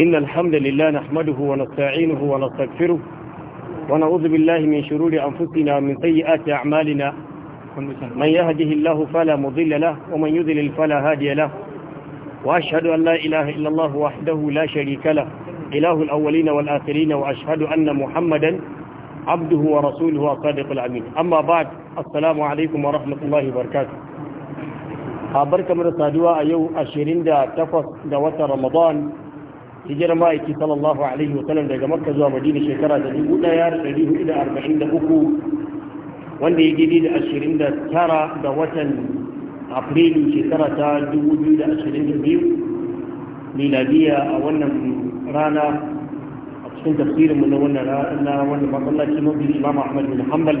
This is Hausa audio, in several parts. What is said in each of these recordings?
إن الحمد لله نحمده ونستعينه ونستغفره ونعوذ بالله من شرور أنفسنا ومن سيئات أعمالنا من يهده الله فلا مضل له ومن يذلل فلا هادي له وأشهد أن لا إله إلا الله وحده لا شريك له إله الأولين والآخرين وأشهد أن محمدا عبده ورسوله وصادق الأمين أما بعد السلام عليكم ورحمة الله وبركاته أبركم آه، رسالة أيو أشيرين دا تفص دا رمضان hijirar ma'aiki sallallahu alaihi wasallam daga makka zuwa madina shekara da dubu daya da dari hudu da arba'in da uku wanda ya gidi da ashirin da tara da watan afrilu shekara ta dubu biyu da ashirin da biyu miladiya a wannan rana a cikin tafsirin tafsirinmu na wannan rana wannan masallaci mafi imam ahmad bin hanbal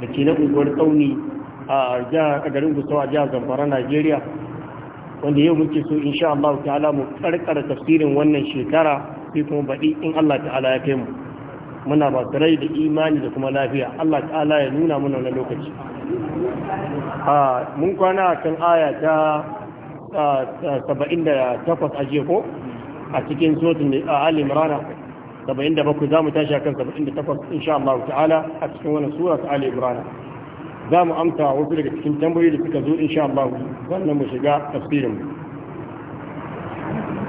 da ke na unguwar tsauni a garin gusawa jihar zamfara najeriya wanda yau muke so insha Allah ta'ala mu karkara tafsirin wannan shekara sai kuma baɗi in Allah ta'ala ya kai mu muna ba rai da imani da kuma lafiya Allah ta'ala ya nuna muna wannan lokaci a mun kwana kan aya ta takwas a jiya ko a cikin saba'in da bakwai za mu tashi akan 78 insha Allah ta'ala a cikin wannan sura ta ali imran za mu amsa wasu daga cikin tambayoyi da suka zo insha Allah sannan mu shiga tafsirin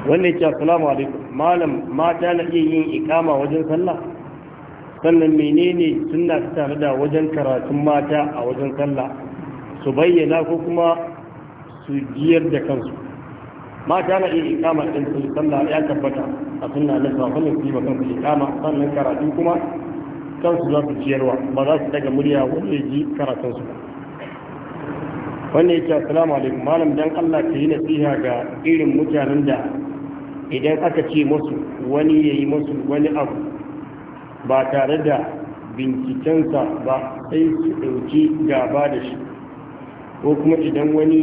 wannan ke assalamu alaikum malam mata na iya yin ikama wajen sallah sannan menene sunna ta tare da wajen karatun mata a wajen sallah su bayyana ko kuma su jiyar da kansu mata na iya ikama din sallah ya tabbata a sunna na sa sallallahu alaihi wasallam ikama sannan karatu kuma kansu za su ciyarwa ba za su daga murya wani ya ji karatunsu ba ya ce asalamu alaikum malam dan Allah ka yi nasiha ga irin mutanen da idan aka ce musu wani ya yi musu wani abu ba tare da bincikensa ba sai su ɗauki gaba da shi ko kuma idan wani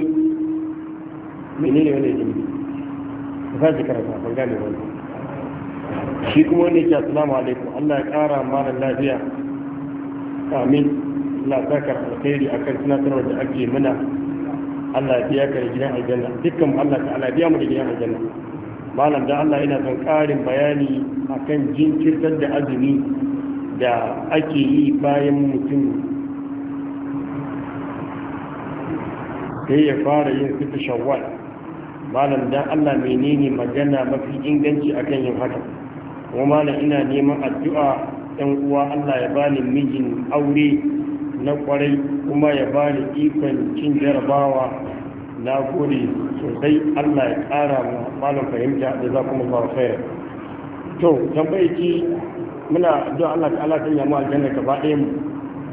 menene wani jini ba za su karanta ban gane wani shi kuma wanda ke assalamu alaikum Allah ya kara mara lafiya amin Allah ya saka alkhairi akan tunatarwar da ake mana Allah ya biya ka da gidan aljanna dukkan Allah ta Allah biya mu da gidan aljanna malam da Allah yana son karin bayani akan jinkirtar da azumi da ake yi bayan mutum sai ya fara yin sifi shawwal malam da Allah menene magana mafi inganci akan yin haka kuma na ina neman addu'a ɗan uwa Allah ya bani mijin aure na kwarai kuma ya bani ikon cin jarabawa na gode sosai Allah ya ƙara malam fahimta da za kuma ba fayar to tambayi muna addu'a Allah ta Allah sanya mu aljanna gaba ɗaya mu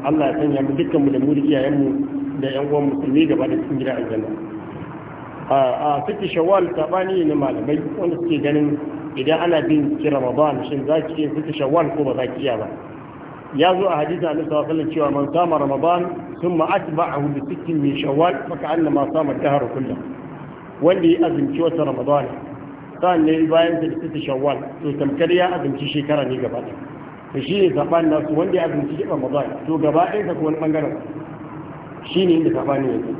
Allah ya sanya mu dukkan mu da mu da iyayen mu da ƴan uwan musulmi gaba da cikin gida aljanna a a saki shawwal tabani ne malamai wanda suke ganin idan ana bin ki ramadan shin za ki iya fita shawwal ko ba za ki iya ba ya zo a hadisi annabi sallallahu alaihi cewa man sama ramadan sun thumma atba'ahu bi sittin min shawwal fa ka'anna ma sama dahr kullu wanda ya azumci wata ramadan sa'an ne bayan da fita shawwal to tamkar ya azumci shekara ne gaba ɗaya to shi ne saban nasu wanda ya azumci ramadan to gaba ɗaya ko wani bangaren shi ne inda sabani yanzu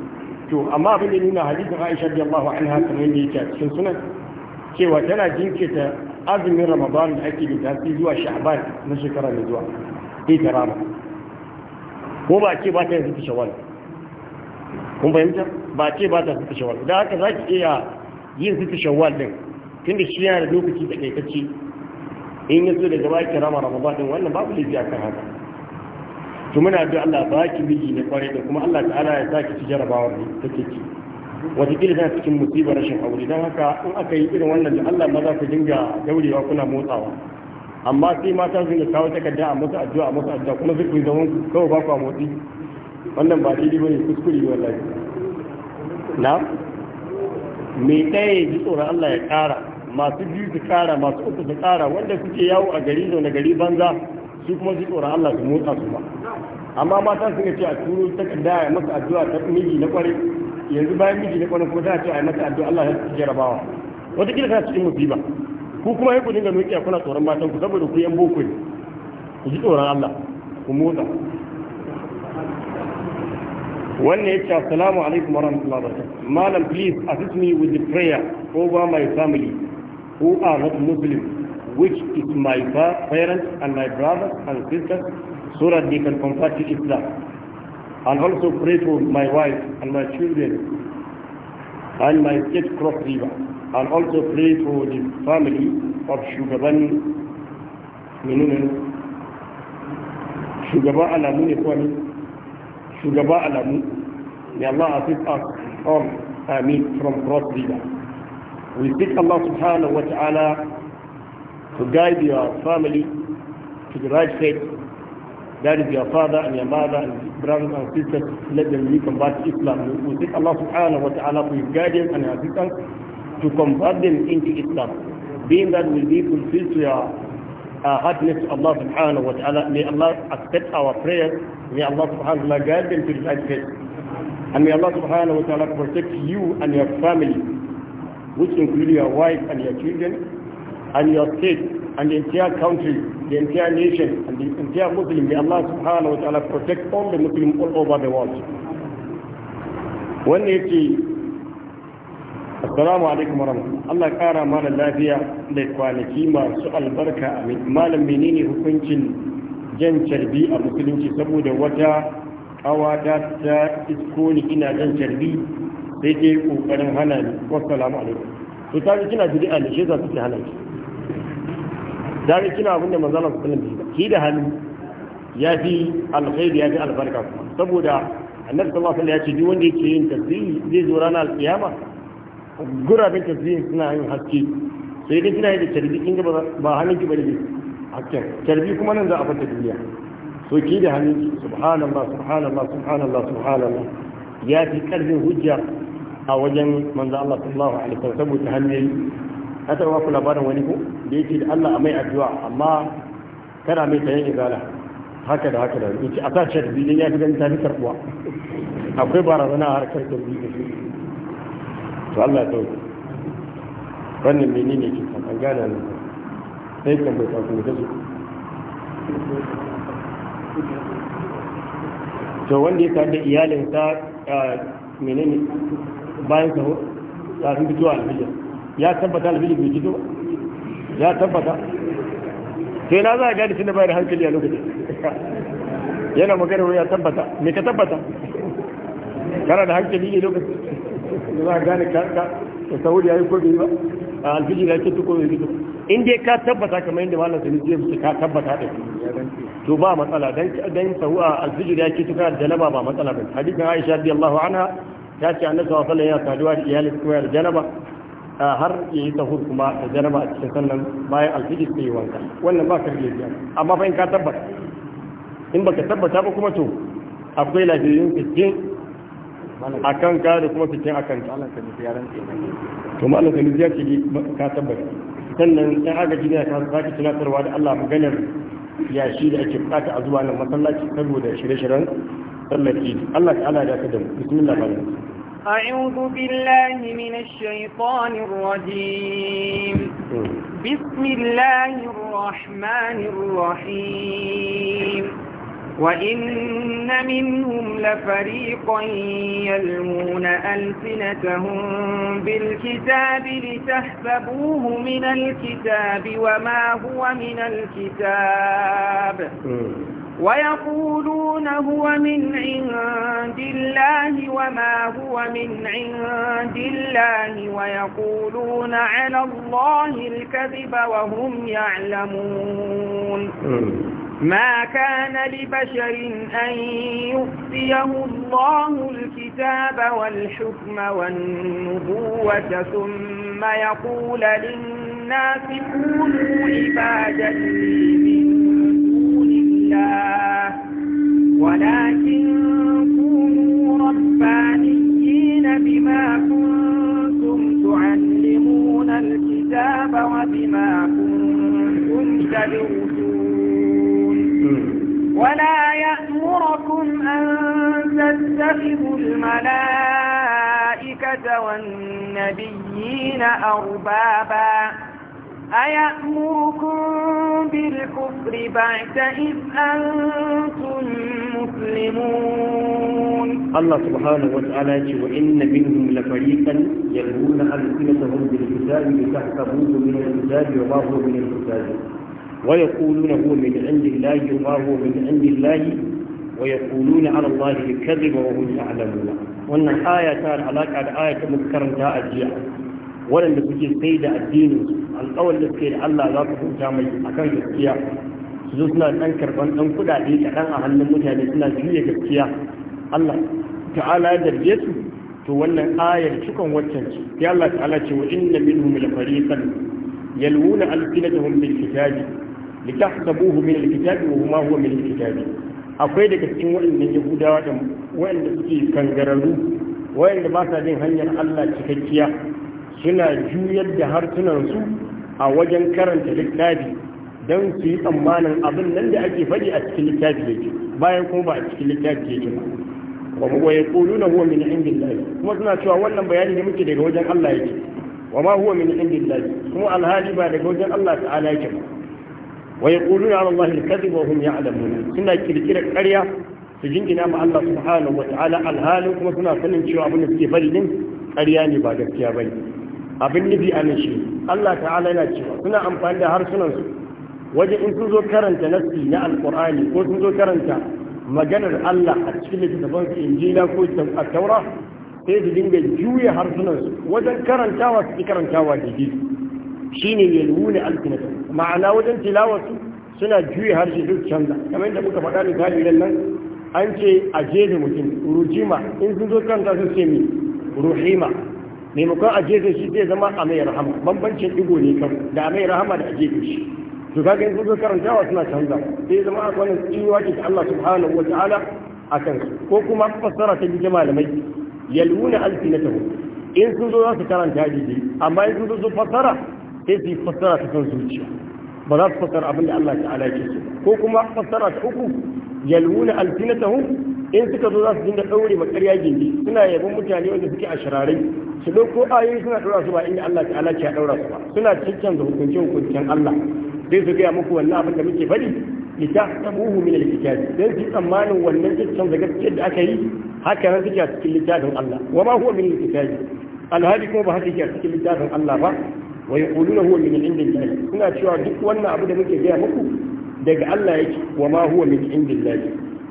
to amma abin da nuna hadisin Aisha radiyallahu anha kamar yadda yake a cikin sunan cewa tana jinkirta azumin ramadan da ake da tafi zuwa sha'ban na shekara mai zuwa sai rama ko ba ce ba ta yanzu ta shawal kun fahimta ba ce ba ta ta shawal idan haka za ki iya yin ta shawal din tun da shi yana da lokaci da kaitacce in ya zo da gaba ki rama ramadan din wannan babu laifi akan haka to muna da Allah ba ki miji ne kwarai da kuma Allah ta'ala ya sa ki ci jarabawar da take ki wataƙila tana cikin musibar rashin aure don haka in aka yi irin wannan da Allah maza ku dinga daurewa kuna motsawa amma sai mata su dinga kawo takarda a musu addu'a a musu addu'a kuma sai ku zaman ku kawai ba ku a motsi wannan ba daidai bane kuskure wallahi na me ɗaya ji tsoron Allah ya ƙara masu biyu su ƙara masu uku su ƙara wanda suke yawo a gari zaune gari banza su kuma ji tsoron Allah su motsa su ba amma mata su ce a turo takarda a masa addu'a ta miji na ƙwarai. yanzu bayan miji ne kwanan kuma a ce a mata addu'a Allah ya jarabawa wata kila kana cikin musiba ku kuma sai ku dinga kuna tsoron matan ku saboda ku yan boko ne ku ji tsoron Allah ku motsa wannan yace assalamu alaikum wa rahmatullahi wa barakatuh malam please assist me with the prayer over my family who are not muslim which is my parents and my brothers and sisters so that they can convert to Islam and also pray for my wife and my children and my state cross river and also pray for the family of shugaban menene shugaba alamu ne kwani shugaba alamu may Allah assist us all amin from cross river we seek Allah subhanahu wa ta'ala to guide your family to the right faith that is your father and your mother and brothers and sisters, let them be convert to Islam. We seek Allah subhanahu wa ta'ala for his guidance and assistance to convert them into Islam. Being that will be fulfilled to your uh, heartness to Allah subhanahu wa ta'ala. May Allah accept our prayers. May Allah subhanahu wa ta'ala guide them to the right path. And may Allah subhanahu wa ta'ala protect you and your family, which include your wife and your children, and your state, and the entire country the entire nation and the entire Muslim. May Allah subhanahu wa ta'ala protect all the Muslims all over the world. Wannan yake Assalamu alaikum warahmatullahi Allah kara mana lafiya da kwanaki masu albarka amin. Malam menene hukuncin jan carbi a musulunci saboda wata kawata ta isko ni ina jan carbi sai ke kokarin hana ni. wasu alaikum. To ta kina bid'a ne shi za su hana ki. daga kina abin da manzala su sallam ki da hannu ya fi alkhairi ya fi albarka kuma saboda annabi sallallahu alaihi ya ce duk wanda yake yin tasbihi zai zo ranar alkiyama gurabin tasbihin suna yin haske sai dai kina yi da tarbi kin ga ba hannun ki bane hakken tarbi kuma nan za a fata duniya so ki da hannun ki subhanallah subhanallah subhanallah subhanallah ya fi karfin hujja a wajen manzo Allah sallallahu alaihi wasallam saboda hannu ka taɓa ku labarin wani ko da yake da Allah a mai addu'a amma kana mai tayin izala haka da haka da yace a sace da bidin ya fi ganin tafi karbuwa akwai barazana a harkar da shi. to Allah ya tauke wannan menene ke kan an gane ne sai kan bai farko da su to wanda ya tare da iyalinsa menene bayan sahu kafin fitowa a ya tabbata bai ba ya tabbata sai na za a gani bayar hankali a lokacin yana magana ya tabbata me ka tabbata kana da hankali ne lokacin za a gane kanka da sauri ya ko bai ba a na ce tuko bai in dai ka tabbata kamar yadda malam sani zai ka tabbata da to ba matsala dan dan sahu a alfijir ya ce tuka da janaba ba matsala ba hadisin Aisha radiyallahu anha ta ce annabi sallallahu alaihi wasallam ya saduwa da iyalin kuma da har ya yi tahur kuma da janaba a cikin sannan bayan ta yi wanka wannan ba ka rage biyar amma fa in ka tabbata in baka tabbata ba kuma to akwai lafiyayyun fitin a kan ka da kuma fitin a kan ta to malam ya ce ka tabbata sannan in aka ji ne ka sake tunatarwa da Allah maganar yashi da ake bukata a zuwa nan masallaci saboda shirye-shiryen sallar idi Allah ta'ala da ka da mu bismillah أعوذ بالله من الشيطان الرجيم بسم الله الرحمن الرحيم وإن منهم لفريقا يلمون ألسنتهم بالكتاب لتحسبوه من الكتاب وما هو من الكتاب ويقولون هو من عند الله وما هو من عند الله ويقولون على الله الكذب وهم يعلمون ما كان لبشر أن يؤتيه الله الكتاب والحكم والنبوة ثم يقول للناس كونوا عبادا لي من ولكن كونوا ربانيين بما كنتم تعلمون الكتاب وبما كنتم تدرسون ولا يأمركم أن تتخذوا الملائكة والنبيين أربابا أيأمركم بالكفر بعد إذ أنتم مسلمون الله سبحانه وتعالى وإن منهم لفريقا يلوون ألسنتهم بالكتاب لتحسبوه من الكتاب وما هو من الكتاب ويقولون هو من عند الله وما هو من عند الله ويقولون على الله الكذب وهم يعلمون وأن الآية كان علاقة الآية مذكرة أجيع ولم يكن قيد الدين الأول الذي الله لا تكون جامعي أكان يستطيع su zo suna ɗan karɓar ɗan kuɗaɗe kaɗan a hannun mutane suna juya gaskiya Allah ta'ala ya darje su to wannan ayar cikon waccan ce sai Allah ta'ala ce wa inna minhum la fariqan yalwuna alsinatahum bil kitabi litahsabuhu min al kitabi wa huma huwa min al kitabi akwai daga cikin waɗannan yahudawa da waɗanda suke kangararru waɗanda ba sa jin hanyar Allah cikakkiya suna juyar da harsunansu a wajen karanta littafi don su yi tsammanin abin nan da ake faɗi a cikin littafi da ke, bayan kuma ba a cikin littafi da ke ba wa ya kulu na huwa min indillahi kuma suna cewa wannan bayani da muke daga wajen Allah yake wa ma huwa min indillahi kuma alhali ba daga wajen Allah ta'ala yake ba wa ya kulu na Allah al-kadhib wa hum ya'lamun suna kirkira ƙarya su jingina ma Allah subhanahu wa ta'ala alhalin kuma suna sanin cewa abin da suke faɗi din ƙarya ne ba gaskiya bane abin nufi a nan shi Allah ta'ala yana cewa suna amfani da harsunansu wajen in sun zo karanta nassi na alkur'ani ko sun zo karanta maganar Allah a cikin littafin injila ko a taura sai su dinga juya su. wajen karantawa su karantawa da ji shine ne ya alkinata ma'ana wajen tilawarsu suna juya harshe duk canza kamar yadda muka faɗa misali idan nan an ce a jefe mutum rujima in sun zo karanta su ce mi ruhima maimakon a jefe shi zai zama a mai rahama bambancin digo ne kan da a mai rahama da a jefe shi to kaga in zo karantawa suna canza sai zama a wannan tsiwa ce ta Allah subhanahu wa ta'ala akan su ko kuma fassara ta bi malamai yalwuna alfinatahu in sun zo za su karanta hadisi amma in sun zo su fassara sai su fassara ta kan zuciya ba za su fassara abin da Allah ta'ala yake so ko kuma fassara ta uku yalwuna alfinatahum in suka zo za su dinga daure makarya gindi suna yabon mutane wanda suke a shirarai su dauko ayoyi suna daura su ba inda Allah ta'ala ke daura su ba suna cikin da hukunce hukuncen Allah zai su gaya muku wannan abin da muke faɗi litahsabuhu min alkitab dan su tsammanin wannan kitabun da gaskiyar da aka yi haka nan suke a cikin littafin Allah wa ma huwa min alkitab alhadi kuma ba haka yake a cikin littafin Allah ba wa yaquluna huwa min indillah suna cewa duk wannan abu da muke gaya muku daga Allah yake wa ma huwa min indillah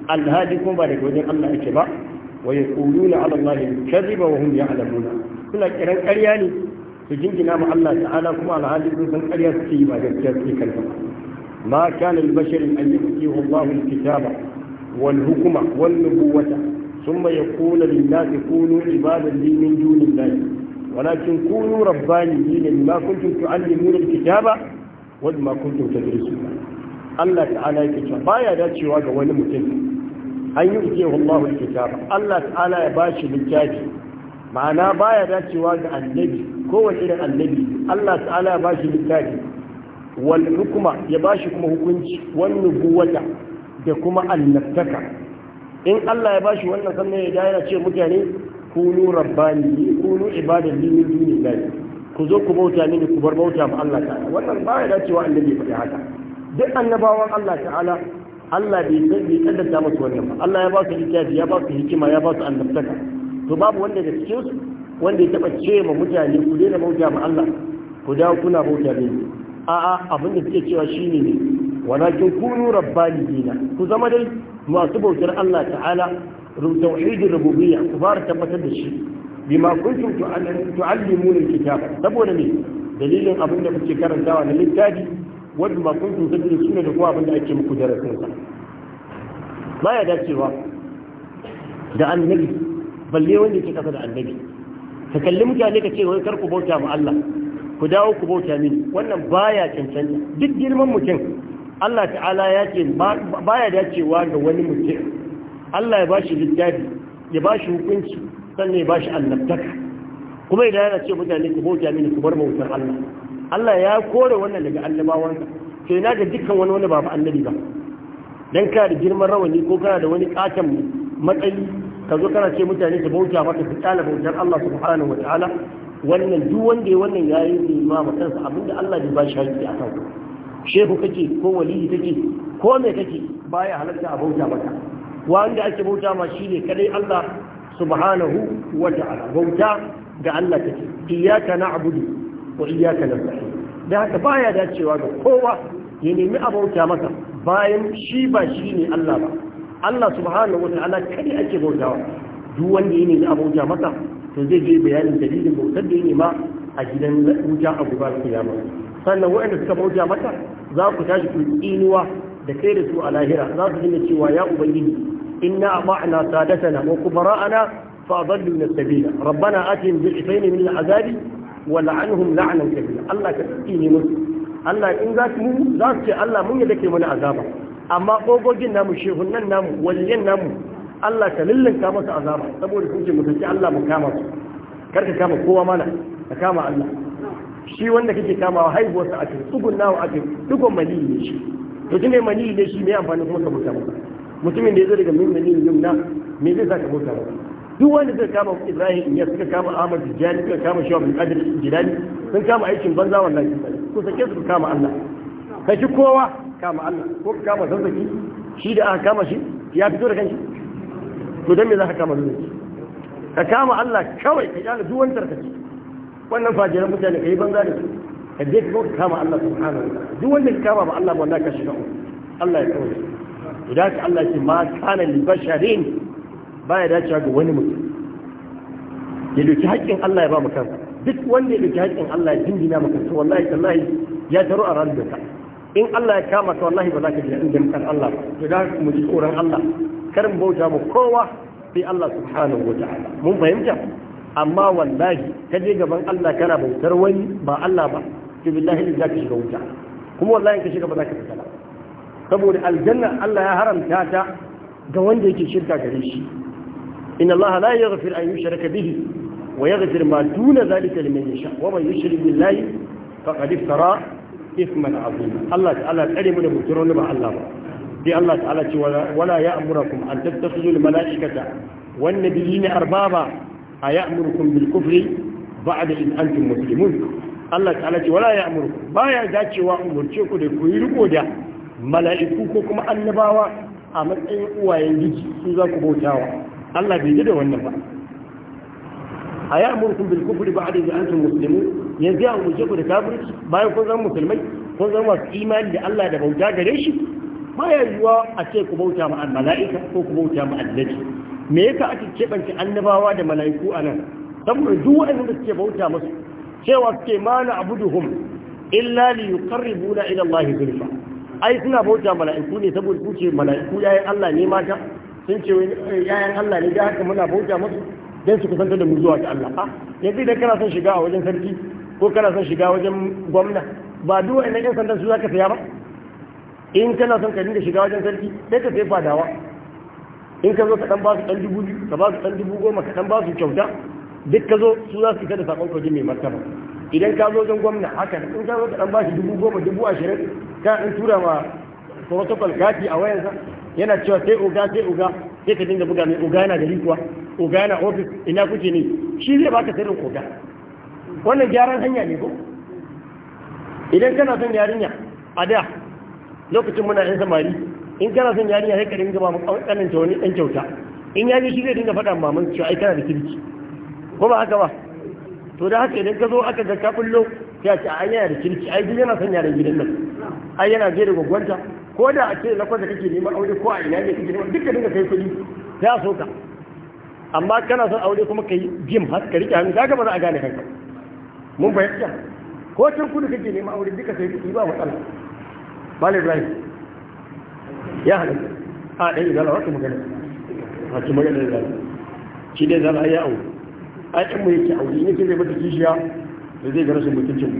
alhadi kuma ba daga wajen Allah yake ba wa yaquluna ala Allah kadhiba wa hum ya'lamuna suna kiran ƙarya ne su jingina mu Allah ta'ala kuma alhali sun san ƙarya suke yi ba gaskiya suke kanta ma kana al-basharin an yu'tihi Allahu al-kitaba wal hukma wal nubuwata thumma yaqulu lin-nasi kunu ibadan li min dunillahi walakin kunu rabbaniyina bima kuntum tu'allimuna al-kitaba wa bima kuntum tadrisuna Allah ta'ala yake cewa baya dacewa ga wani mutum an yi uke Allahu kitaba Allah ta'ala ya bashi littafi ma'ana baya dacewa ga annabi kowane irin annabi Allah ta'ala ya bashi littafi wal hukuma ya bashi kuma hukunci wan nubuwata da kuma annabtaka in Allah ya bashi wannan sannan ya yana ce mutane kunu rabbani kunu ibadan li min dunillahi ku zo ku bauta mini ku bar bauta ma Allah ta'ala wannan ba ya dacewa annabi ya faɗi haka duk annabawan Allah ta'ala Allah bai kaddata musu wannan ba Allah ya ba su littafi ya ba su hikima ya ba su annabtaka to babu wanda da cikin su wanda ya taba ce ma mutane ku daina bauta ma Allah ku dawo kuna bauta ne a'a abin da suke cewa shine ne walakin kunu rabbaniyina ku zama dai masu bautar Allah ta'ala tauhidin rububiyya ku fara tabbatar da shi bima kuntum tu'allimuna alkitab saboda ne dalilin abin da kuke karantawa na littafi wanda ba kuntum tadrisuna da kuma abin da ake muku darasin sa baya dacewa da annabi balle wanda yake kasa da annabi ka kalli mutane ka ce wai kar ku bauta mu Allah ku dawo ku bauta min wannan baya cancanta duk girman mutum Allah ta'ala ya ce baya dacewa ga wani mutum Allah ya bashi littafi ya bashi hukunci sannan ya bashi annabtaka kuma idan yana ce mutane ku bauta mini ku bar bautar Allah Allah ya kore wannan daga annabawansa sai na ga dukkan wani wani ba annabi ba dan ka da girman rawani ko kana da wani katon matsayi ka zo kana ce mutane su bauta maka su kyala bautar Allah subhanahu wataala wannan duk wanda ya wannan yayi nema ma kansa abinda Allah bai ba shi haƙƙi a kansa shehu kake ko waliyi kake ko me kake baya halarta a bauta maka wanda ake bauta ma shine kadai Allah subhanahu wataala bauta ga Allah take iyyaka na'budu wa iyyaka nasta'in da haka baya dacewa ga kowa ya nemi a bauta masa bayan shi ba shi ne Allah ba Allah subhanahu wa ta'ala kai ake bautawa duk wanda ya nemi abauta masa to zai je bayanin dalilin bautar da ya nema a gidan wuta a guba kiyama sannan waɗanda suka bauta mata za ku tashi ku tsinuwa da kai da su a lahira za su dinga cewa ya ubangiji inna ata'na sadatana wa kubara'ana fa adalluna sabila rabbana atihim bi'fayn min al'azabi wa la'anhum la'nan kabira Allah ka tsine musu Allah in za su za ce Allah mun yadda kai mana azaba amma ƙogogin namu shehunan namu waliyan namu Allah ka lullinka masa azaba saboda kuke mutunci Allah mu kama su karka kama kowa mana ka kama Allah shi wanda kake kamawa haihuwarsa a cikin tsugun nawa a cikin dukkan mali ne shi to tunda mali ne shi me amfani kuma ka bauta masa mutumin da ya zo daga min mali yumna me zai sa ka bauta masa duk wanda suka kama Ibrahim ya suka kama Ahmad Jani suka kama Shaw bin Qadir Jilani sun kama aikin banza wallahi ko sake su kama Allah kashi kowa kama Allah ko ka kama zazzaki shi da aka kama shi ya fito da kanshi to dan me za ka kama zazzaki ka kama Allah kawai ka kyale duk wani tarkaci wannan fajiran mutane ka yi banza da su ka je ka ka kama Allah subhanahu wa ta'ala duk wanda ka kama ba Allah ba wanda ka shiga Allah ya kawai idan ka Allah ce ma kana li basharin baya dacewa ga wani mutum ya doki haƙƙin Allah ya ba mu kansa duk wanda ya doki haƙƙin Allah ya dindina mu kansa wallahi tallahi ya taro a ranar da ta. in Allah ya kama to wallahi ba za ka ji daɗin kan Allah to da mu ji tsoron Allah kar mu bauta mu kowa sai Allah subhanahu wa ta'ala mun fahimta amma wallahi ka je gaban Allah kana bautar wani ba Allah ba to billahi za ka shiga wuta kuma wallahi ka shiga ba za ka fita ba saboda aljanna Allah ya haramta ta ga wanda yake shirka gare shi inna Allah la yaghfir an yushraka bihi ويغفر ما دون ذلك لمن يشاء ومن يشرك بالله فقد افترى isman azim Allah ta'ala tsare mu da mutum ne ba Allah ba sai Allah ta'ala ce wala ya'murukum an tattakhudhu al-mala'ikata wan nabiyina arbaba aya'murukum bil kufri ba'da in antum muslimun Allah ta'ala ce wala ya'murukum baya dacewa umurce ku da ku yi riko da mala'iku ko kuma annabawa a matsayin uwayen giji su za ku bautawa Allah bai yi da wannan ba A aya'murukum bil kufri ba'da in antum muslimun yanzu ya umarce ku da kafirci bayan kun zama musulmai kun zama masu imani da Allah da bauta gare shi baya yiwuwa a ce ku bauta ma mala'ika ko ku bauta ma annabi me yasa ake keɓance annabawa da mala'iku a nan saboda duk wanda suke bauta musu cewa suke mana abuduhum illa li yuqarribuna ila Allah zulfa ai suna bauta mala'iku ne saboda su ce mala'iku yayin Allah ne mata sun ce eh, yayin Allah ne da haka muna bauta musu dan su kusanta da mu zuwa ga Allah ah, yanzu idan kana son shiga a wajen sarki ko kana son shiga wajen gwamna ba duk wa'annan yan sandan su zaka saya ba in kana son ka dinga shiga wajen sarki sai ka sai fadawa in ka zo ka dan ba su dan dubu biyu ka ba su dan dubu goma ka dan ba su kyauta duk ka zo su za su fita da sakon kwaje mai martaba idan ka zo wajen gwamna haka in ka zo ka dan ba shi dubu goma dubu ashirin ka in tura ma protocol kati a wayansa yana cewa sai oga sai oga sai ka dinga buga mai oga yana gari kuwa oga yana ofis ina kuke ne shi zai baka sirrin oga wannan gyaran hanya ne ko idan kana son yarinya a da lokacin muna yan samari in kana son yarinya sai ka dinga ba mu kanin ta wani dan kyauta in ya ji shi zai dinga faɗa maman cewa ai kana da kirki ko ba haka ba to da haka idan ka zo aka ga ka bullo sai ce ai yana da kirki ai duk yana son yaran gidan nan ai yana jere da ko da a ce lakwar da kake neman aure ko a ina ne kake neman dukkan dinga kai kuɗi za so ka amma kana son aure kuma ka yi jim har ka rike hannu kaga ba za a gane kanka mun bayyana ko tun kudu kake ne aure duka sai kuɗi ba matsala malam ibrahim ya hada a ɗan izala wata magana kuma magana da zala shi dai zala ya au a ɗan mu yake aure ne sai zai mata kishiya da zai ga mutuncin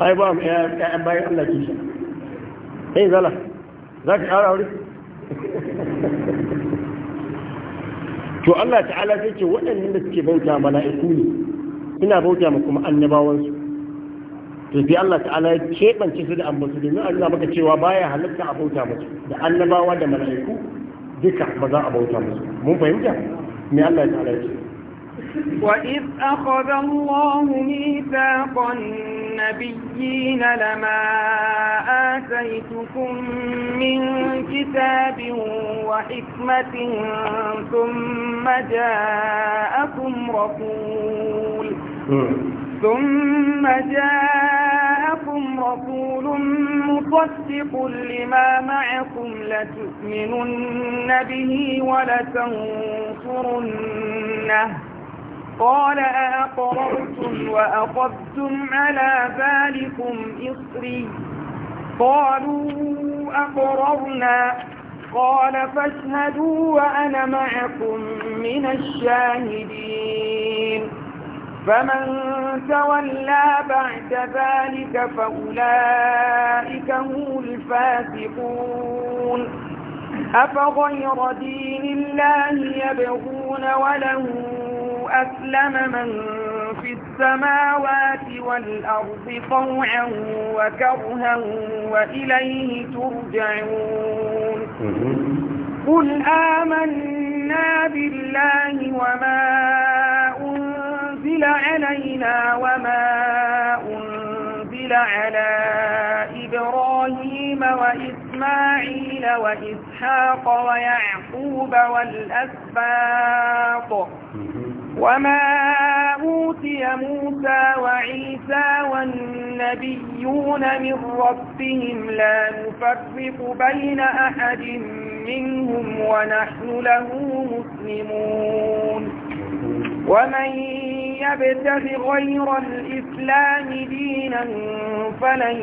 ai ba mu ƴaƴan bayan Allah kishiya ɗan eh, zala za ka ƙara aure to Allah ta'ala sai ce waɗannan da suke bauta mala'iku ne ina bauta ma kuma annabawansu to bi Allah ta'ala ya keɓance su da ambasu domin Allah baka cewa baya halitta a bauta musu da annabawa da mala'iku duka ba za a bauta musu mun fahimta me Allah ta'ala ya ce وإذ Allahu mithaqan ميثاق lama ataytukum min kitabin wa hikmatin thumma ja'akum rasul ثم جاءكم رسول مصدق لما معكم لتؤمنن به ولتنصرنه قال أأقررتم وأخذتم على ذلكم إصري قالوا أقررنا قال فاشهدوا وأنا معكم من الشاهدين فمن تولى بعد ذلك فأولئك هم الفاسقون أفغير دين الله يبغون وله أسلم من في السماوات والأرض طوعا وكرها وإليه ترجعون قل آمنا بالله وما أنزل أنزل علينا وما أنزل على إبراهيم وإسماعيل وإسحاق ويعقوب والأسباط وما أوتي موسى وعيسى والنبيون من ربهم لا نفرق بين أحد منهم ونحن له مسلمون ومن يبتغ غير الإسلام دينا فلن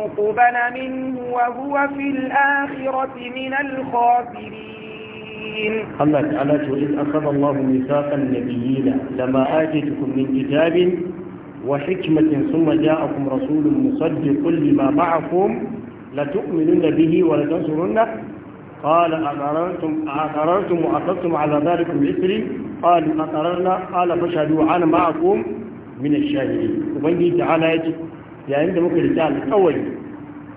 يقبل منه وهو في الآخرة من الخاسرين الله تعالى وإذ أخذ الله ميثاق النبيين لما آتيتكم من كتاب وحكمة ثم جاءكم رسول مصدق لما معكم لتؤمنن به ولتنصرنه قال أقررتم وأخذتم على ذلك إثري qalu aqararna qala fashhadu ana ma'akum min ash-shahidin ubangiji ta'ala yace yayin da muka rika alƙawari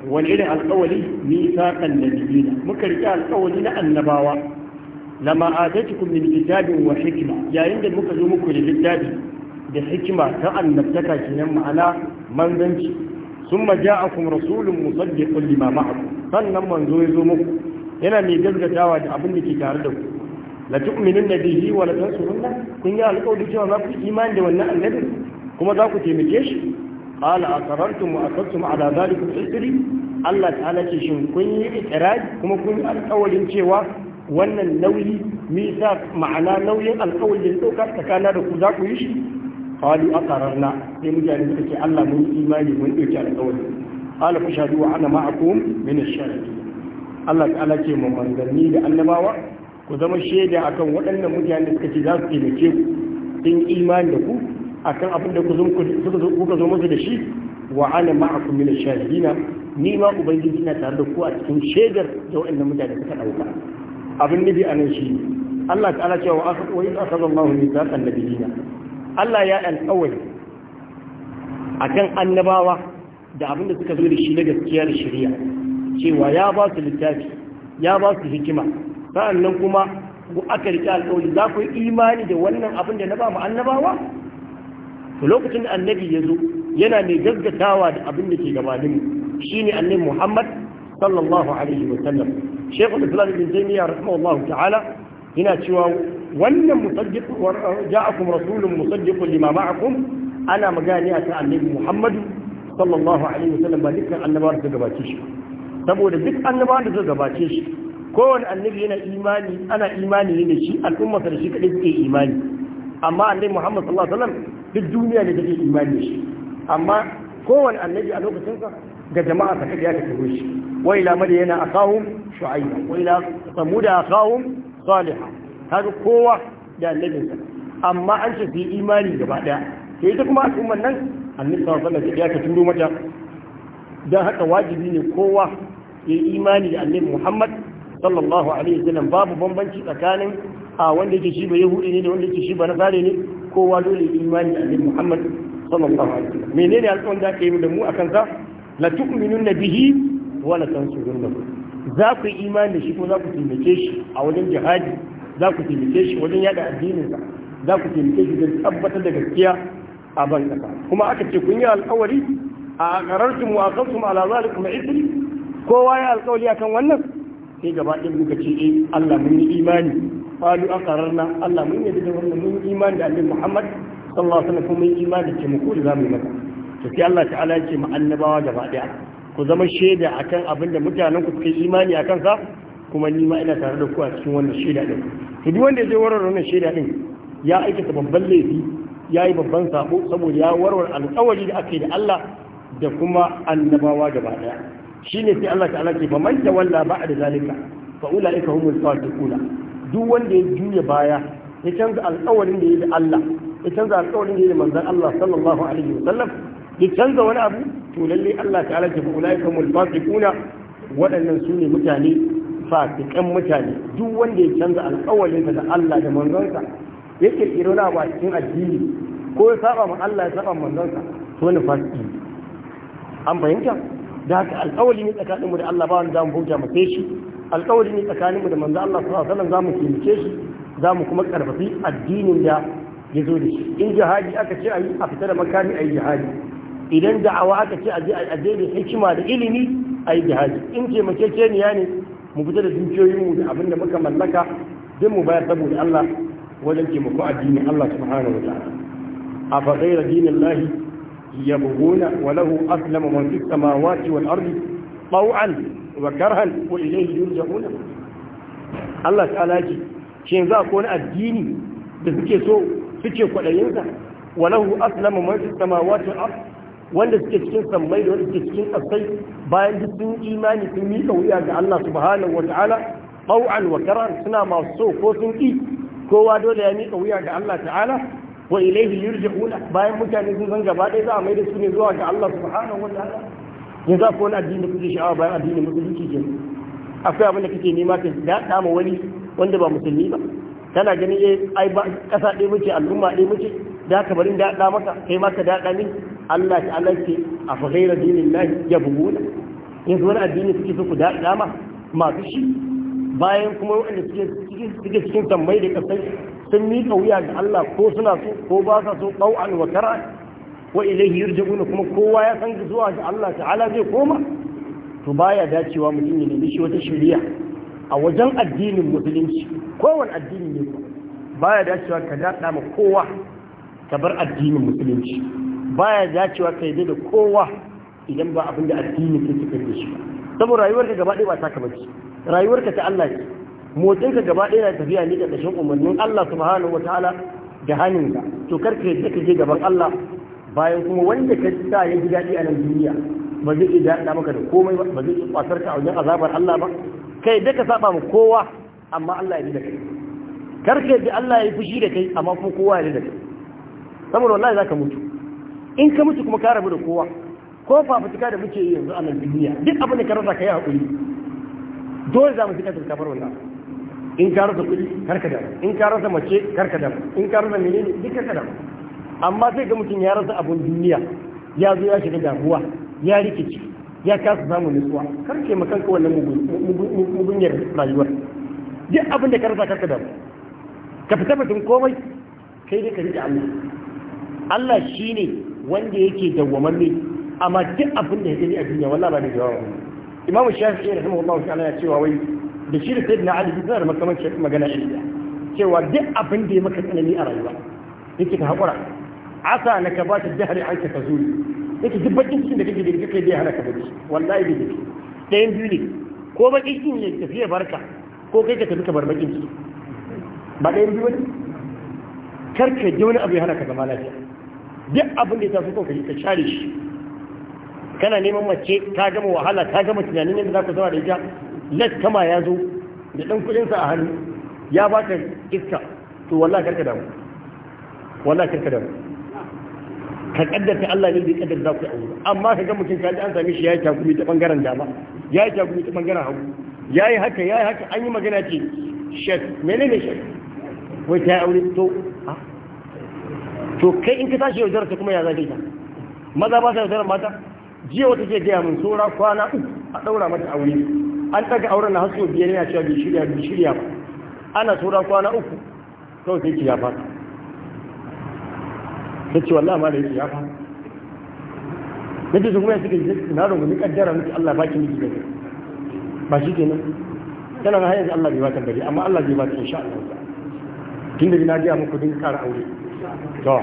wani irin alƙawari misaqan nabiyina muka rika alƙawari na annabawa lama atatukum min kitabin wa hikma yayin da muka zo muku da littafi da hikima ta annabtaka kenan ma'ana manzanci ثم جاءكم رسول مصدق لما معكم sannan manzo ya zo muku yana mai gaggatawa da abin da ke tare da ku la tu'minun bihi wa la tansurunna kun yi alƙawari cewa za ku imani da wannan annabi kuma za ku taimake shi qala aqarartum wa aqadtum ala dhalikum isri Allah ta'ala ce shin kun yi iqrari kuma kun yi alƙawarin cewa wannan nauyi misa ma'ana nauyin alƙawarin da tsakanin da ku za ku yi shi qalu aqararna sai mutane suka ce Allah mun yi imani mun ɗauki alƙawari qala fashhadu wa ana ma'akum min ash-shahidin Allah ta'ala ce mu manzanni da annabawa ku zama shaida akan waɗannan mutane suka ce za su taimake ku sun imani da ku akan abin da kuka zo musu da shi wa ana ma'akum min ash-shahidina ni ma ubangiji ina tare da ku a cikin shaidar da waɗannan mutane suka ɗauka. abin a nan shi ne Allah ta'ala cewa wa akhadha wa in akhadha Allahu mithaqan nabiyina Allah ya alƙawari akan annabawa da abin da suka zo da shi na gaskiya da shari'a cewa ya ba su littafi ya ba su hikima nan kuma ku aka rike alƙawari za ku yi imani da wannan abin da na ba mu annabawa to lokacin da annabi ya zo yana mai gaggatawa da abin da ke gabanin ne annabi Muhammad sallallahu alaihi wa sallam Sheikhul Islam Ibn Taymiyyah rahimahullahu ta'ala yana cewa wannan musaddiq ja'akum rasulun musaddiqun lima ma'akum ana magani a kan annabi Muhammad sallallahu alaihi wa sallam ba dukkan annabawa da gabace shi saboda duk annabawa da gabace shi kowane annabi yana imani ana imani ne da shi al'umma da shi kadai suke imani amma annabi Muhammad sallallahu alaihi wasallam duk duniya ne take imani da shi amma kowane annabi a lokacin sa ga jama'a ta kada ya tafi shi wa ila madyana akahum shu'aib wa ila samuda akahum salih kaga kowa da annabin sa amma an ce su imani gaba daya sai ita kuma al'umman nan annabi sallallahu alaihi wasallam ya ta turo mata dan haka wajibi ne kowa ya imani da annabi Muhammad sallallahu alaihi wasallam babu bambanci tsakanin a wanda yake shi ba yahudi ne da wanda yake shi ba nasare ne kowa dole imani a annabi muhammad sallallahu alaihi wasallam menene alƙawarin da aka yi da mu akan sa la tu'minunna bihi wa la tansurunna za ku yi imani da shi ko za ku taimake shi a wajen jihadi za ku taimake shi wajen yada addinin sa za ku taimake shi don tabbatar da gaskiya a ban kasa kuma aka ce kun yi alƙawari a qarartum wa aqamtum ala zalikum isri kowa ya alƙawari akan wannan sai gaba ɗin muka ce eh Allah mun yi imani qalu na Allah mun yi da wannan mun yi imani da Annabi Muhammad sallallahu alaihi wasallam mun yi imani da mu kuli zamu yi maka to sai Allah ta'ala ya ce mu annabawa gaba ɗaya ku zama shaida kan abin da mutanen ku suka yi imani akan sa kuma ni ma ina tare da ku a cikin wannan shaida din to duk wanda ya je warware wannan shaida din ya aikata babban laifi ya yi babban sabo saboda ya warware alƙawari da aka yi da Allah da kuma annabawa gaba ɗaya Shi ne sai Allah ta'ala ke ba man tawalla da zalika fa ulaika humul fasiquna duk wanda ya juya baya ya canza alƙawarin da ya da Allah ya canza alƙawarin da ya da manzon Allah sallallahu alaihi Sallam. ya canza wani abu to lalle Allah ta'ala ke fa ulaika humul fasiquna waɗannan su ne mutane fasikan mutane duk wanda ya canza alƙawarin da Allah da manzonsa yake tsiro na ba cikin addini ko ya saba ma Allah ya saba manzonsa to ne fasiki an fahimta da haka alƙawari ne tsakaninmu da Allah ba wanda zamu bauta mace shi alƙawari ne tsakaninmu da manzo Allah sallallahu alaihi wasallam zamu kimike shi zamu kuma karfafi addinin da ya zo da shi in jihadi aka ce a yi a fita da makami a yi jihadi idan da'awa aka ce aje aje a je da hikima da ilimi a yi jihadi in taimakekeniya ne mu fita da dukiyoyinmu da abin da muka mallaka duk mu bayar saboda Allah wajen taimako addinin Allah subhanahu wa ta'ala a fa ghayra dinillahi يبغون وله أسلم من في السماوات والأرض طوعا وكرها وإليه يرجعون الله تعالى يجي شين ذا كون الديني بسكي سو سكي قلينزا وله أسلم من في السماوات والأرض wanda suke cikin sammai da wanda suke cikin ƙasai bayan duk sun imani sun miƙa wuya ga Allah subhanahu wa ta'ala ɗau'an wa karar suna masu so ko sun ƙi kowa dole ya miƙa wuya ga Allah ta'ala wa ilaihi yurja'una bayan mutane sun san gaba ɗaya za a mai su ne zuwa ga Allah subhanahu wa ta'ala ya za ku wani addini da kuke sha'awa bayan addini musulunci ke akwai abin da kake nema ka daɗa ma wani wanda ba musulmi ba kana ganin eh ai ba ƙasa ɗaya muke al'umma ɗaya muke da ka bari daɗa maka kai ma ka daɗa ne. Allah ta Allah ce a fa ghaira ya lahi yabghuna yanzu wani addini kuke so ku daɗa ma masu shi bayan kuma waɗanda suke cikin tambayi da kasai sun miƙa wuya ga Allah ko suna so ko ba sa so ɗau'an wa kara wa ilaihi yurja'una kuma kowa ya san zuwa ga Allah ta'ala zai koma to baya dacewa mutum ya nemi shi wata shari'a a wajen addinin musulunci kowane addini ne baya dacewa ka daɗa ma kowa ka bar addinin musulunci baya dacewa ka yi da kowa idan ba abin da addini ke cikin da shi saboda rayuwar da gaba ɗaya ba ta ka shi. rayuwarka ta Allah ce motsinka gaba ɗaya na tafiya ne da ƙarshen umarnin Allah subhanahu wa ta'ala da hannunka to karka yadda ka je gaban Allah bayan kuma wanda ka sa ya ji daɗi a nan duniya ba zai iya daɗa maka da komai ba Ba zai iya kwasar ka a wajen azabar Allah ba kai da ka saba ma kowa amma Allah ya ji da kai karka yadda Allah ya yi fushi da kai amma kuma kowa ya ji da kai saboda wallahi zaka mutu in ka mutu kuma ka rabu da kowa ko fafutuka da muke yi yanzu a nan duniya duk abin da ka rasa ka yi haƙuri dole za mu fi kasar kafar wannan in ka rasa kuɗi karka da in ka rasa mace karka da in ka rasa menene duk karka da amma sai ga mutum ya rasa abun duniya ya zo ya shiga damuwa ya rikici ya kasa samun nutsuwa karke ma kanka wannan mugunyar rayuwar duk abin da ka rasa karka da ka fita mutum komai kai dai ka riƙe Allah Allah shine wanda yake dawwamamme amma duk abin da ya gani a duniya wallahi ba da jawabi imamu shafi'i rahimahullahu ta'ala ya ce wa wai da shi da sayyidina ali suna da makamancin magana iriya cewa duk abin da ya maka tsanani a rayuwa yake ka haƙura asa na ka ba ta jihar an ka zuri yake duk bakin cikin da kake da kake da hana ka bari wallahi bi ne ɗayan biyu ne ko bakin cikin ya tafi ya barka ko kai ka tafi ka bar bakin ciki ba ɗayan biyu ne karka ka je wani abu ya hana ka zama lafiya duk abin da ya taso kanka ka share shi kana neman mace ta gama wahala ta gama tunanin yadda za ka zama da ita lat kama ya zo da ɗan kuɗinsa a hannu ya ba ta iska to wallah karka damu wallah karka damu ka kaddarta Allah ne bai kaddar za ku aure amma ka ga mutum ka ji an sami shi ya yi takumi ta bangaren dama ya yi takumi ta bangaren hagu ya yi haka ya yi haka an yi magana ce shek ne shek wai ta yi aure to ah. to kai in ka tashi yaudarar ta kuma ya zage ta maza ba sa yaudarar mata jiya wata ke gaya mun tsora kwana uku a ɗaura mata aure an ɗaga auren na hasso biyar yana cewa bai shirya bai shirya ba ana tsora kwana uku kawai sai ki ya fata ta ce wallahi ma da yake ya fata na ce kuma ya suka yi na ni kaddara miki Allah ba ki miki gari ba shi kenan tana na hanyar Allah bai ba ta gari amma Allah bai ba ta insha Allah tun da na gaya muku din kara aure to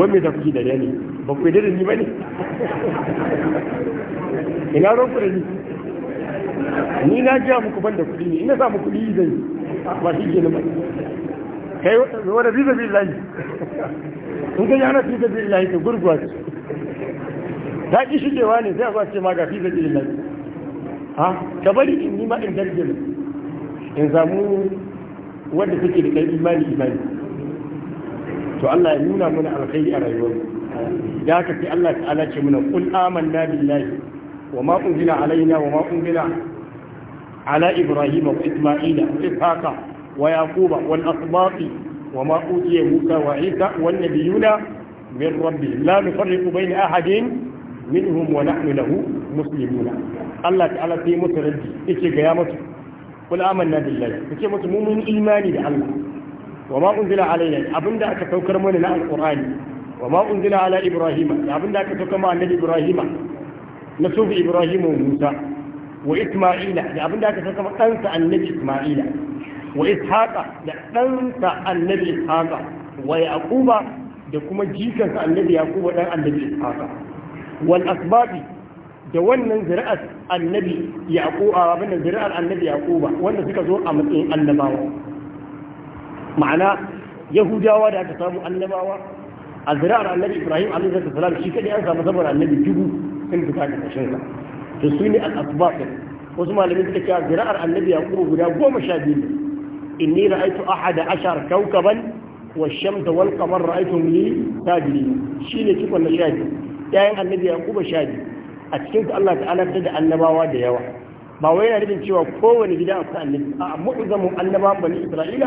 wai da ta kuke da ne ba ku da ni ba ne ina ran da ni ni na ja muku ban kuɗi ne ina samu kuɗi zan yi ba shi ke ba kai wadda fi zabi layi in ga yana fi zabi layi ka gurguwa ce ta ƙi shigewa ne sai a zuwa ce ma ga fi zabi layi ha ka bari in nima in ni in samu wanda take da kai imani imani to Allah ya nuna mana alkhairi a rayuwar da haka sai Allah ta'ala ce mana Kul amanna billahi wa ma unzila alaina wa ma unzila ala ibrahim wa isma'ila wa ishaqa wa yaquba wal asbaqi wa ma utiya musa wa isa wan nabiyuna min rabbi la nufarriqu bayna ahadin minhum wa nahnu lahu muslimuna Allah ta'ala sai mutarji yake ga ya mutu Kul amanna billahi yake mutu mu imani da Allah wa ma unzila alaina abinda aka saukar mana na alqur'ani wa ma unzila ala ibrahima abinda aka saukar mana annabi ibrahima na sufi ibrahima musa wa isma'ila da abinda aka saukar mana ɗansa annabi isma'ila wa ishaqa da ɗansa annabi ishaqa wa yaquba da kuma jikansa annabi yaquba dan annabi ishaqa wal asbabi da wannan zuri'ar annabi yaquba abinda annabi yaquba wanda suka zo a matsayin annabawa ma'ana yahudawa da aka samu annabawa a ziraar annabi ibrahim alaihi salam shi kadai an samu saboda annabi dubu sun fita da kashin sa to su ne al asbaqin wasu malamin suka ce ziraar annabi yaqubu guda goma sha biyu inni ra'aytu ahada ashar kawkaban والشمس والقمر رأيتهم لي ساجدين annabi كيف أن شاهد يعني النبي يعقوب شاهد أتكلم الله da annabawa da yawa. ba wai yana nufin cewa kowane gida a kan annabi a mu'azzamu annabawan bani isra'ila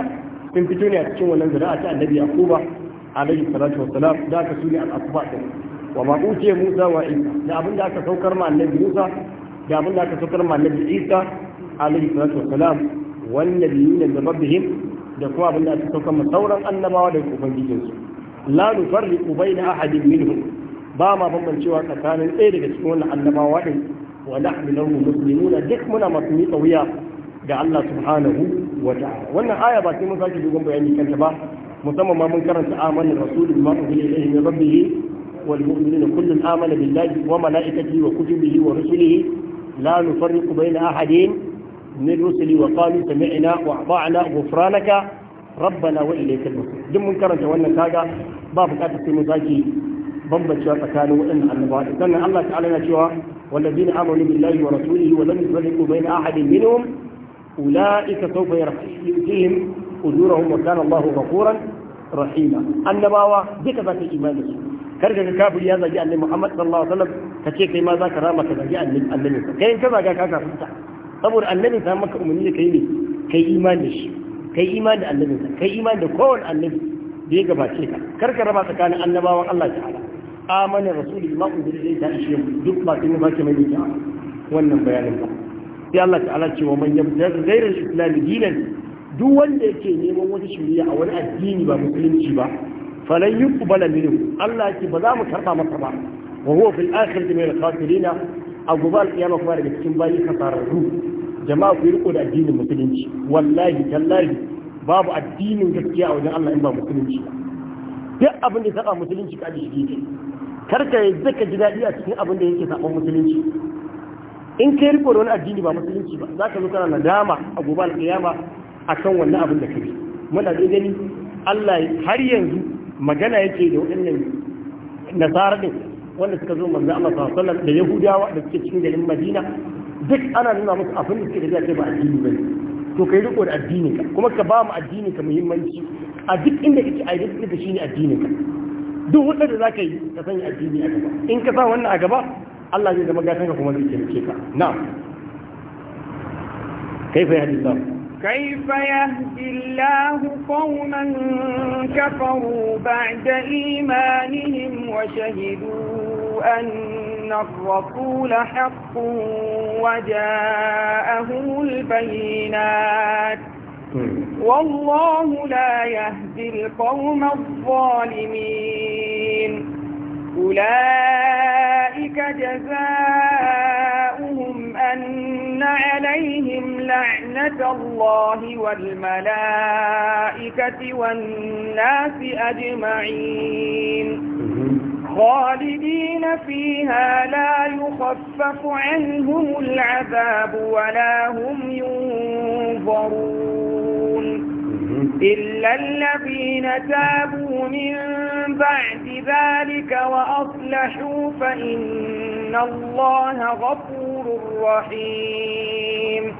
sun fito ne a cikin wannan zuri'a ta annabi yaquba alaihi salatu wassalam da aka sune al-asba din wa ma utiya musa wa isa da abin da aka saukar ma annabi musa da abin da aka saukar ma annabi isa alaihi salatu wassalam wan nabiyina min rabbihim da kuma abin da aka saukar ma sauran annabawa da su? la nufarriqu baina ahadin minhum ba ma bambancewa tsakanin ɗaya daga cikin wannan annabawa din wa nahnu lahu muslimuna duk muna masu miƙa wuya ga Allah subhanahu wa ta'ala wannan aya ba sai mun sake dogon bayani kanta ba musamman ma mun karanta amanar rasulun ma uhilla ilayhi min rabbih wal mu'minuna kullun amana billahi wa malaikatihi wa kutubihi wa rusulihi la nufarriqu bayna ahadin min rusuli wa qalu sami'na wa ata'na ghufranaka rabbana wa ilayka al-masir duk mun karanta wannan kaga ba bukatar sai mun sake bambancewa tsakanin waɗannan annabawa sannan Allah ta'ala yana cewa والذين آمنوا بالله ورسوله ولم يفرقوا بين أحد منهم ula'ika sau bayar fihim ujurahum wa kana Allahu ghafuran rahima annabawa duka za ka imani su kar ka kafiri ya zagi annabi Muhammad sallallahu alaihi wasallam ka ce kai ma za ka rama ka zagi annabi kai ka zaga ka kafirta saboda annabi ta maka umarni kai ne kai imani shi kai imani da annabi kai imani da kowane annabi da ya gabace ka kar ka raba tsakanin annabawan Allah ta'ala amana rasulullahi ma unzila ilayka duk ba kin ba ke mai wannan bayanin ba sai Allah ta'ala ce wa man yabda ghayra al dinan duk wanda yake neman wata shari'a a wani addini ba musulunci ba falan yuqbala minhu Allah yake ba za mu karba masa ba wa huwa fil akhirati min al-khasirin a gobe al-qiyama kuma daga cikin bayi kasararru jama'a ku riko da addinin musulunci wallahi tallahi babu addinin gaskiya a wajen Allah in ba musulunci duk abin da ya saba musulunci ka ji shi ne karka yadda zaka ji daɗi a cikin abin da yake saban musulunci in kai riko da wani addini ba musulunci ba za ka zo kana nadama a gobe alƙiyama kan wannan abin da ka kai muna da gani Allah har yanzu magana yake da waɗannan nasara din wanda suka zo manzo Allah sallallahu alaihi wasallam da yahudawa da suke cikin garin Madina duk ana nuna musu abin da suke da kai ba addini bane to kai riko da addini ka kuma ka ba mu addini ka muhimmanci a duk inda kake a duk inda shine addini ka duk wanda za ka yi ka sanya addini a gaba in ka sa wannan a gaba الله zai zama gatan ka kuma zai taimake ka na'am كيف يهدي الله قوما كفروا بعد إيمانهم وشهدوا أن الرسول حق وجاءهم البينات والله لا يهدي القوم الظالمين أولئك جزاؤهم أن عليهم لعنة الله والملائكة والناس أجمعين خالدين فيها لا يخفف عنهم العذاب ولا هم ينظرون إلا الذين تابوا من بعد ذلك وأصلحوا فإن الله غفور رحيم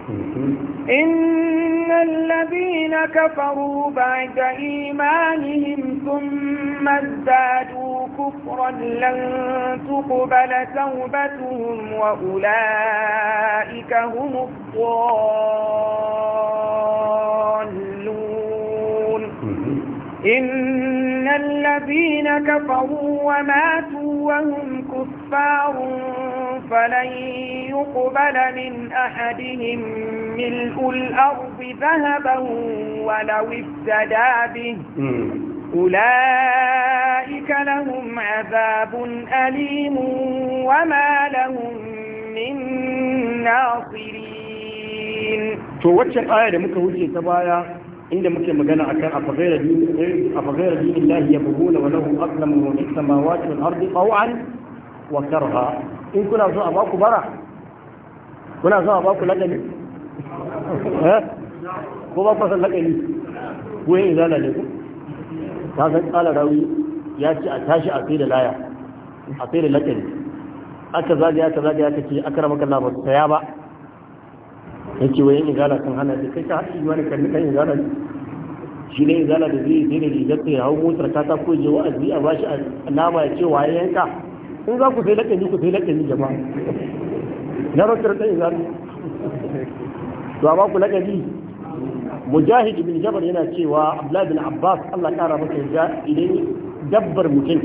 إن الذين كفروا بعد إيمانهم ثم ازدادوا كفرا لن تقبل توبتهم وأولئك هم الضالون إن الذين كفروا وماتوا وهم كفار فلن يقبل من أحدهم ملء الأرض ذهبا ولو افتدى به أولئك لهم عذاب أليم وما لهم من ناصرين. تو وجه آية لمكة وجه تبايا inda muke magana akan afghayra dinin afghayra dinin lahi yabghuna wa lahu aslamu wa fis samawati wal ardi taw'an wa karha in kuna so a baku bara kuna so a baku ladabi eh? ko ba ku san ko yin zala ne ku ta san kala rawi ya ce a tashi a sai da laya a sai da ladabi aka zagaya aka zagaya aka ce akramaka Allah ba ta ya ba yake wai yin izala kan hana da kai ka wani imanin kan kan izala ne shi ne izala da zai zai da rigar ta hau motar ta ta koje wa'azi a bashi a nama ya ce waye yanka in za ku sai laƙani ku sai laƙani jama'a na rasar ta izala to amma ku laƙani mujahid bin jabar yana cewa abdullahi bin abbas allah ƙara masa ya idan dabbar mutum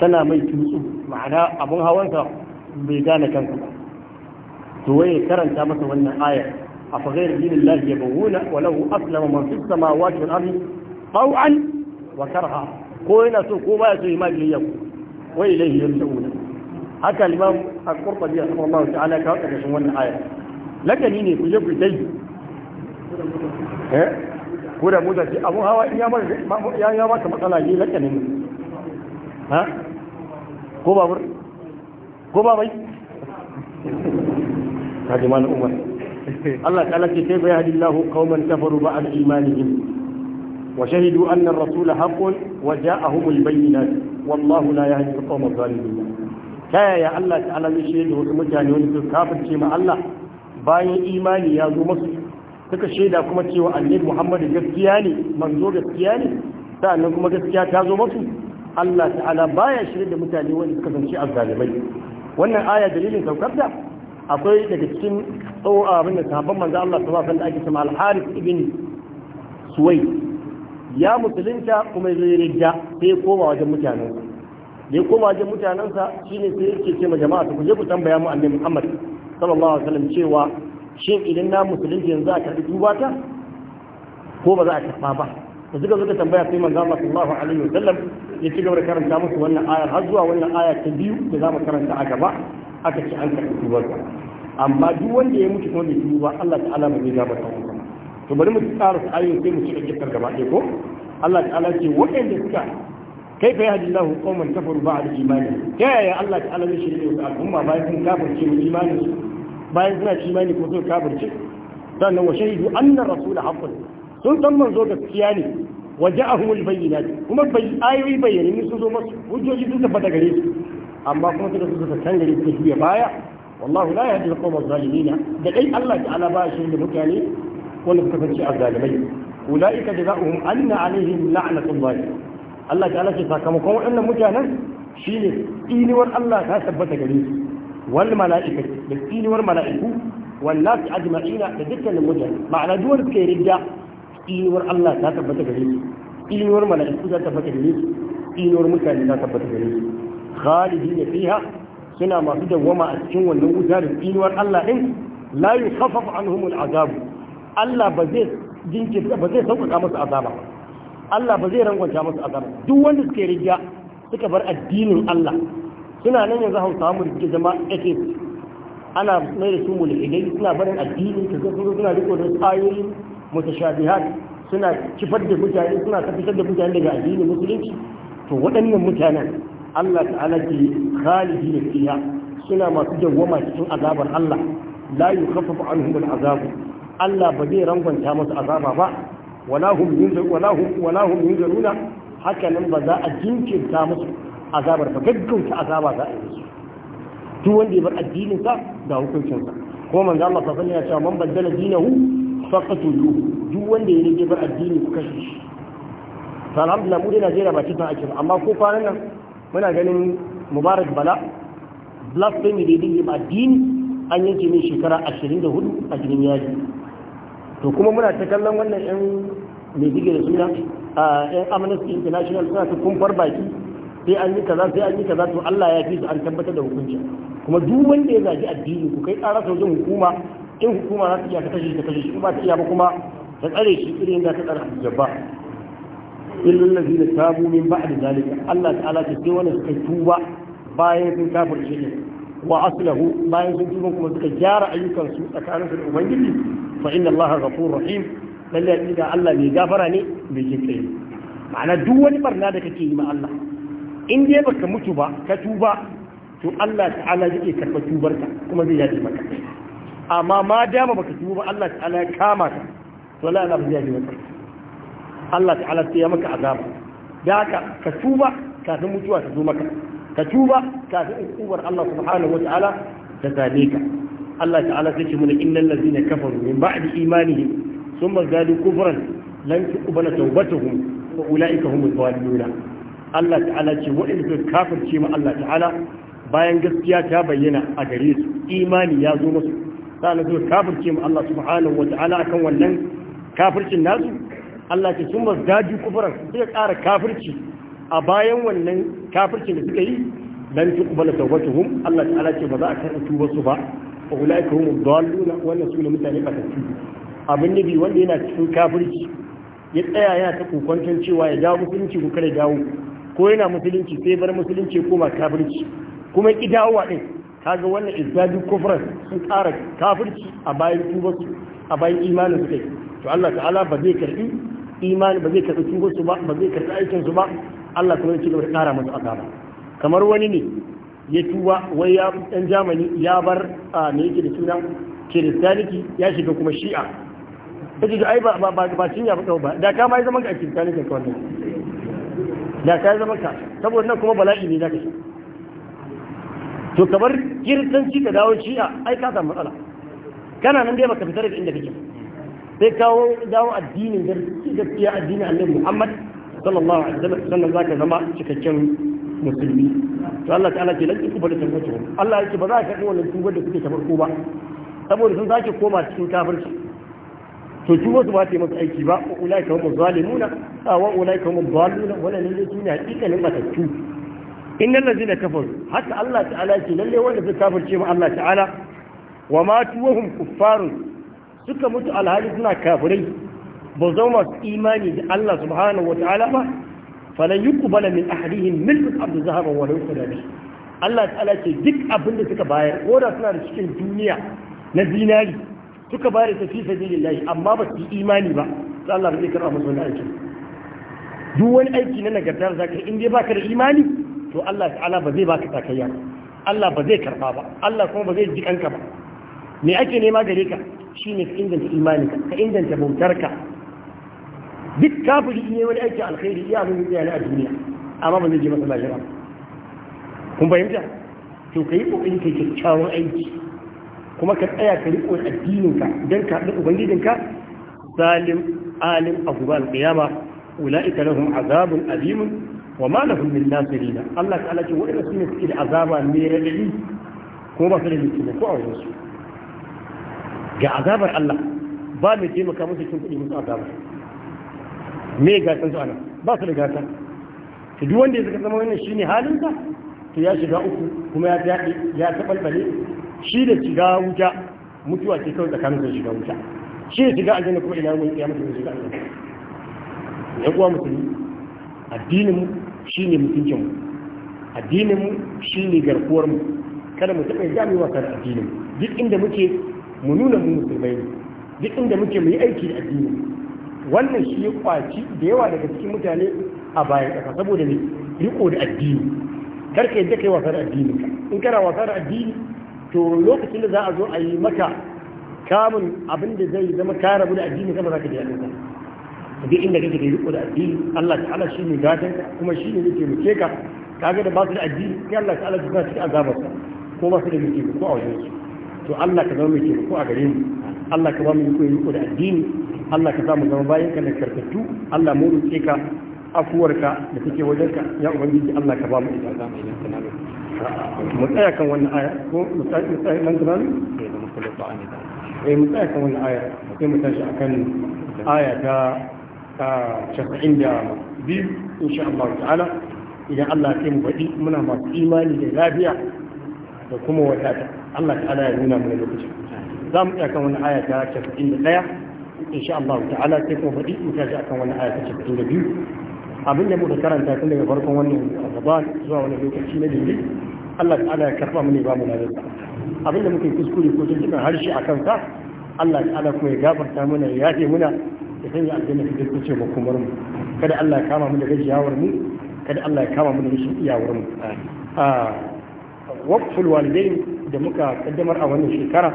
tana mai tutsu ma'ana abun hawansa bai gane kansa ba to waye karanta masa wannan ayar afa ghayra dinillahi yabghuna wa lahu aslama man fis samawati wal ardi taw'an wa karha ko yana so ko baya so imani ne yau wa ilayhi yurja'una haka al-imam al-qurtubi rahimahullahu ta'ala ka wada shin wannan ayar lakani ne ku je ku dai eh ko da mu da abu hawa ya maka ya ya maka ne ha ko ko kaji mana umar Allah ta'ala ce kai bai hadi Allah qauman kafaru ba'da imanihim wa shahidu anna ar-rasul haqqun wa ja'ahum al-bayyinat wallahu la yahdi al-qawma adh-dhalimin ta yaya Allah ta'ala zai shaida wasu mutane wani su kafirce ma Allah bayan imani ya zo masu suka shaida kuma cewa annabi Muhammadu gaskiya ne manzo gaskiya ne sa'annan kuma gaskiya ta zo masu Allah ta'ala baya shirin da mutane wani suka zance a azzalimai wannan aya dalilin saukar da akwai daga cikin tsawo abin da sahabban manzo Allah sallallahu alaihi wasallam da ake cewa al-Harith ibn Suwai ya musulunta kuma zai rijja sai koma wajen mutanensa da ya koma wajen mutanen sa shine sai yake ce ma jama'a ku je ku tambaya mu annabi Muhammad sallallahu alaihi wasallam cewa shin idan na musulunta yanzu a karbi duba ta ko ba za a karba ba da suka zo tambaya sai manzo Allah sallallahu alaihi wasallam ya ci gaba da karanta musu wannan ayar har zuwa wannan aya ta biyu da za mu karanta a gaba aka ci an karɓi tubarka amma duk wanda ya mutu kuma bai tubu ba Allah ta'ala ba zai gabata masa to bari mu tsara su ayoyin sai mu ci da gaba ɗaya ko Allah ta'ala ce waɗanda suka kai fa yahdi Allahu qauman kafaru ba'da imani ta yaya Allah ta'ala zai shirye da al'umma bayan sun kafirce mu imani bayan suna ci imani ko sun kafirce sannan wa shahidu anna rasula haqqun sun san manzo gaskiya ne waja'ahumul bayyinat kuma ayoyi bayyane sun zo masu hujjoji sun tabbata gare su amma kuma suka suka canza da suka juya baya wallahu la yahdi al-qawma zalimina da dai Allah ya ta'ala ba shi da mutane wanda suka fice a zalimai ulaika jazaohum anna alaihim la'natullah Allah ya ta'ala ce sakamakon waɗannan mutanen shine tsiniwar Allah ta tabbata gare su wal mala'ika da tsiniwar mala'iku wallahi ajma'ina da dukkanin mutane ma'ana duk wanda suka ridda tsiniwar Allah ta tabbata gare su tsiniwar mala'iku ta tabbata gare su tsiniwar mutane ta tabbata gare su khalidina fiha suna masu dawwama a cikin wannan wuta da tsinuwar Allah din la yukhaffaf anhum al'azab Allah ba zai jinkirta ba zai sauƙaƙa musu azaba Allah ba zai rangwanta musu azaba duk wanda suke riga suka bar addinin Allah suna nan yanzu hausa mu da jama'a ake ana mai da su mulhidai suna barin addinin ta zo suna riko da ayoyi mutashabihat suna kifar da mutane suna kafitar da mutane daga addinin musulunci to waɗannan mutanen Allah ta'ala ke khalidi da fiya suna masu dawwama cikin azabar Allah la yukhaffafu anhum al'azab Allah ba zai rangwanta musu azaba ba wala hum yunzaruna wala hum wala hum yunzaruna haka nan ba za a jinkirta musu azabar ba gaggauta azaba za a yi musu duk wanda ya bar addinin sa da hukuncin sa kuma manzo Allah sallallahu alaihi cewa, ya ce man baddala dinahu faqatulu duk wanda ya rage bar addini ku kashe shi alhamdulillah mu dai Najeriya ba cikin ake amma ko kwanan nan muna ganin mubarak bala blasphemy da yin addini an yanke min shekara 24 a gidan yaji to kuma muna ta kallon wannan yan mai da suna a yan amnesty international suna ta kumfar baki sai an yi kaza sai an yi kaza to Allah ya fi su an tabbatar da hukunci kuma duk wanda ya zagi addini ku kai ƙara wajen hukuma in hukuma za ta iya ta kashe ta kashe shi ba ta iya ba kuma ta tsare shi irin da ta tsare Abu illa allazina tabu min ba'di zalika Allah ta'ala ta ce wannan suka tuba bayan sun kafirce ne wa aslahu bayan sun tuba kuma suka gyara ayyukan su tsakanin su da ubangiji fa inna allaha ghafurur rahim lalle idan Allah mai gafara ne mai jinkai ma'ana duk wani barna da kake yi ma Allah in dai baka mutu ba ka tuba to Allah ta'ala zai karba tubarka kuma zai yaji maka amma ma dama baka tuba ba Allah ta'ala ya kama ka to la Allah zai yaji maka Allah ta'ala sai ya maka azaba da haka ka tuba kafin mutuwa ta zo maka ka tuba kafin ukubar Allah subhanahu wata'ala ta same ka Allah ta'ala sai ce mana innal ladina kafaru min ba'di imanihim thumma zadu kufran lan tuqbala tawbatuhum wa ulaika humul dhaliluna Allah ta'ala ce wa'in su kafirce ma Allah ta'ala bayan gaskiya ta bayyana a gare su imani ya zo musu sannan su kafirce ma Allah subhanahu wata'ala akan wannan kafircin nasu Allah ke sun mazdaji kufuran suka ƙara kafirci a bayan wannan kafircin da suka yi dan tuqbala tawbatuhum Allah ta'ala ce ba za a tuba su ba wa ulaika humud dalluna wannan su ne mutane batattu abin nabi wanda yana cikin kafirci ya tsaya yana ta kokonton cewa ya dawo musulunci ko kare dawo ko yana musulunci sai bar musulunci ko ma kafirci kuma ki a din kaga wannan izdadu kufran sun ƙara kafirci a bayan tubarsu a bayan imanin su kai to Allah ta'ala ba zai karɓi imani ba zai karɓi tubansu ba ba zai karɓi aikinsu ba Allah kuma ya ci gaba da ƙara masa azaba kamar wani ne ya tuba wai ya ɗan jamani ya bar me yake da suna kiristaniki ya shiga kuma shi'a kace da ai ba ba ba ba shi'a ba ba da ka ma zaman ka kiristaniki ka wannan da ka zaman ka saboda nan kuma bala'i ne zaka shi to kamar kiristanci ka dawo shi'a ai ka samu matsala kana nan dai baka fitar da inda kake sai kawo dawo addinin da gaskiya addinin annabi Muhammad sallallahu alaihi wasallam sannan zaka zama cikakken musulmi to Allah ta'ala ke lanki kubar da wato Allah yake ba za ka kai wannan tubar da kuke ta farko ba saboda sun zaki koma cikin kafirci to tubar su ba ta yi masa aiki ba wa ulai ka hum zalimuna wa ulai ka hum dhaluna wala ne ne tuna hakikanin matattu innal ladina kafaru haka Allah ta'ala ke lalle wanda suka kafirce ma Allah ta'ala wa matu wa hum kuffarun suka mutu alhali suna kafirai ba zama masu imani da Allah subhanahu wa ta'ala ba falan yi kubala min ahadihim milkus abdu zahaban wa lauku da Allah ta'ala ce duk abin da suka bayar ko da suna da cikin duniya na zinari suka bayar ta fi sabilillahi amma ba su imani ba sai Allah bai karɓa musu wani aiki duk wani aiki na nagarta za zaka in dai baka da imani to Allah ta'ala ba zai baka takayya Allah ba zai karɓa ba Allah kuma ba zai ji kanka ba me ake nema gare ka Shi ne ka inganta imaninka ka inganta bautarka duk kafiri ne wani aikin alkhairi iya abin da yana a duniya amma ba zai je masa lahira kun fahimta to ka yi kokari ka kyakkyawan aiki kuma ka tsaya ka riƙo addininka don ka haɗu ubangijinka salim alim a gobe alƙiyama ula'ika lahum azabun alimun wa ma lahum min nasirin Allah ta'ala ce waɗanda su ne suke da azaba mai raɗaɗi kuma ba su da mutum ko a wajen ga azabar Allah ba mai taimaka musu cin kuɗi musu azabar me gasan su ana ba su da gasa to duk wanda ya zaka zama wannan shine halin sa to ya shiga uku kuma ya daɗe ya tabalbale shi da shiga wuta mutuwa ce kawai tsakanin da shiga wuta shi da shiga aljanna kuma ina mun kiyama sun shiga aljanna ya kuwa musulmi addinin mu shine mutuncin mu addinin mu shine garkuwar mu kada mu taɓa jami'a kan addinin mu duk inda muke mu nuna mu musulmai ne duk inda muke mu yi aiki da addini wannan shi ya kwaci da yawa daga cikin mutane a bayan ƙasa saboda ne riko da addini kar ka yadda kai wasa da addini in kana wasa da addini to lokacin da za a zo a yi maka kamun abin da zai zama ka rabu da addini kama za ka ji daɗin ka duk inda kake da riko da addini Allah ta'ala shi ne gadon ka kuma shi ne yake muke ka kaga da ba su da addini sai Allah ta'ala ya sa su azabarsa ko ba su da muke ko a wajen su to Allah ka zama mai taimako a gare mu Allah ka ba mu koyi iko da addini Allah ka samu zama bayan ka da karkatu Allah mu roƙe ka afuwarka da kake wajenka ya ubangiji Allah ka ba mu ita mu yi tsaya kan wannan aya ko mu tsaya nan da nan eh mu tsaya kan wannan aya sai mu tashi akan aya ta casa'in da biyu insha Allah ta'ala idan Allah ya kai mu baɗi muna masu imani da lafiya da kuma wadata Allah ta'ala ya nuna mana lokacin za mu tsaya kan wani aya ta 91 insha Allah ta'ala sai kuma faɗi in ta ji akan wani aya ta cikin da biyu abin da muka karanta tun daga farkon wannan Ramadan zuwa wani lokaci na dindi Allah ta'ala ya karɓa mu ne ba mu lafiya abin da muka yi kuskure ko tuntuɓe harshe a kansa Allah ta'ala kuma ya gafarta mana ya yafe muna ya sanya aljanna ta dukkace mu mu kada Allah ya kama mu da gajiyawar mu kada Allah ya kama mu da rashin iyawar mu a ah, waqful da muka kaddamar a wannan shekara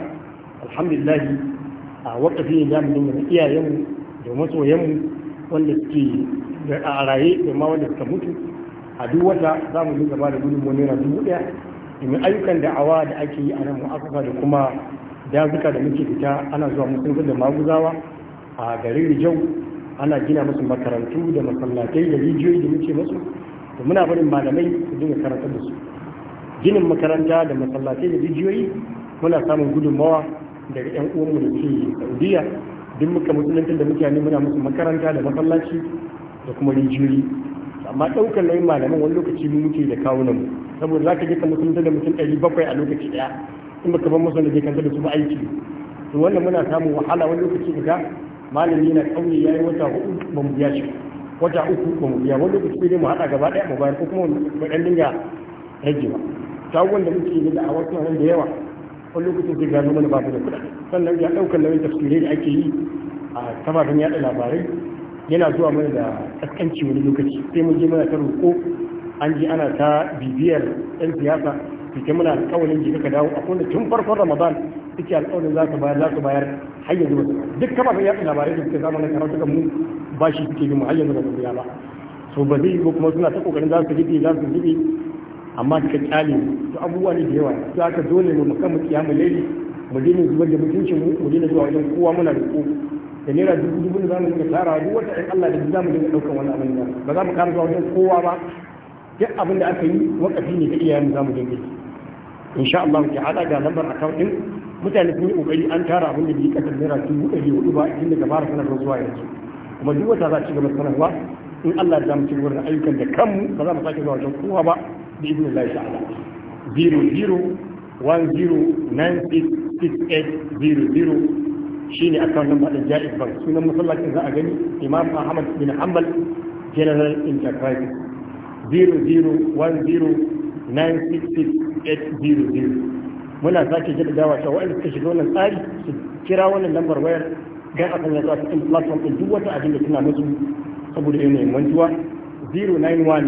alhamdulillah a wakafi ne za mu dinga iyayenmu da masoyanmu wanda suke a raye da ma wanda suka mutu a duk wata za mu dinga ba da gudunmu naira dubu ɗaya domin ayyukan da'awa da ake yi a nan mu mu'asasa da kuma dazuka da muke fita ana zuwa musulmi da maguzawa a garin rijau ana gina musu makarantu da masallatai da rijiyoyi da muke musu to muna barin malamai su dinga karantar da su ginin makaranta da masallatai da rijiyoyi muna samun gudunmawa daga yan uwanmu da ke saudiya duk muka musulunci da mutane muna musu makaranta da masallaci da kuma rijiyoyi amma ɗaukar nauyin malaman wani lokaci mu muke da kawunan mu saboda za ka je ka da mutum ɗari bakwai a lokaci ɗaya in baka ban musu da je kanta da su aiki to wannan muna samun wahala wani lokaci ga malami na ƙauye ya yi wata hudu ba mu biya shi wata uku ba mu biya wani lokaci ne mu haɗa gaba ɗaya mu bayar ko kuma mu ɗan dinga rage shagon da muke da da'awa suna nan da yawa wani lokacin da gano mana babu da kuɗi sannan ya ɗaukar nauyin tafsirai da ake yi a kafafen yaɗa labarai yana zuwa mana da kaskanci wani lokaci sai mun je mana ta roƙo an ji ana ta bibiyar ɗan siyasa ke muna alƙawarin jika ka dawo akwai da tun farkon ramadan suke alƙawarin za ka bayar za ka bayar har yanzu duk kafafen yaɗa labarai da suke na karatu kan mu ba shi suke bi mu har yanzu ba su biya ba so ba zai yi ba kuma suna ta ƙoƙarin za su rufe za su rufe amma ka kyale to abubuwa ne da yawa to aka dole mu mukan mu kiyamu laili mu dina zubar da mutuncin mu mu dina zuwa wajen kowa muna da roƙo da naira dubu dubu da zamu dinga tara duk wata in Allah da za mu dinga ɗaukar wani abin nan ba za mu ƙara zuwa wajen kowa ba duk abin da aka yi wakafi ne da iyayen za mu dinga insha Allah ta'ala ga lambar account din mutane sun yi kokari an tara abin da bai kasa naira dubu ɗari hudu ba tun daga fara sanarwa zuwa yanzu kuma duk wata za a ci gaba sanarwa in Allah ya mu ci gaba da ayyukan da kanmu ba za mu sake zuwa wajen kowa ba bi iznillahi ta'ala 0010966800 shine account number din Jaiz Bank sunan masallacin za a gani Imam Ahmad bin Hanbal General Enterprise 0010966800 muna sake jaddadawa cewa waɗanda suka shiga wannan tsari su kira wannan lambar wayar don a sanya su a cikin platform ɗin duk wata abin da suna musu saboda yanayin mantuwa 091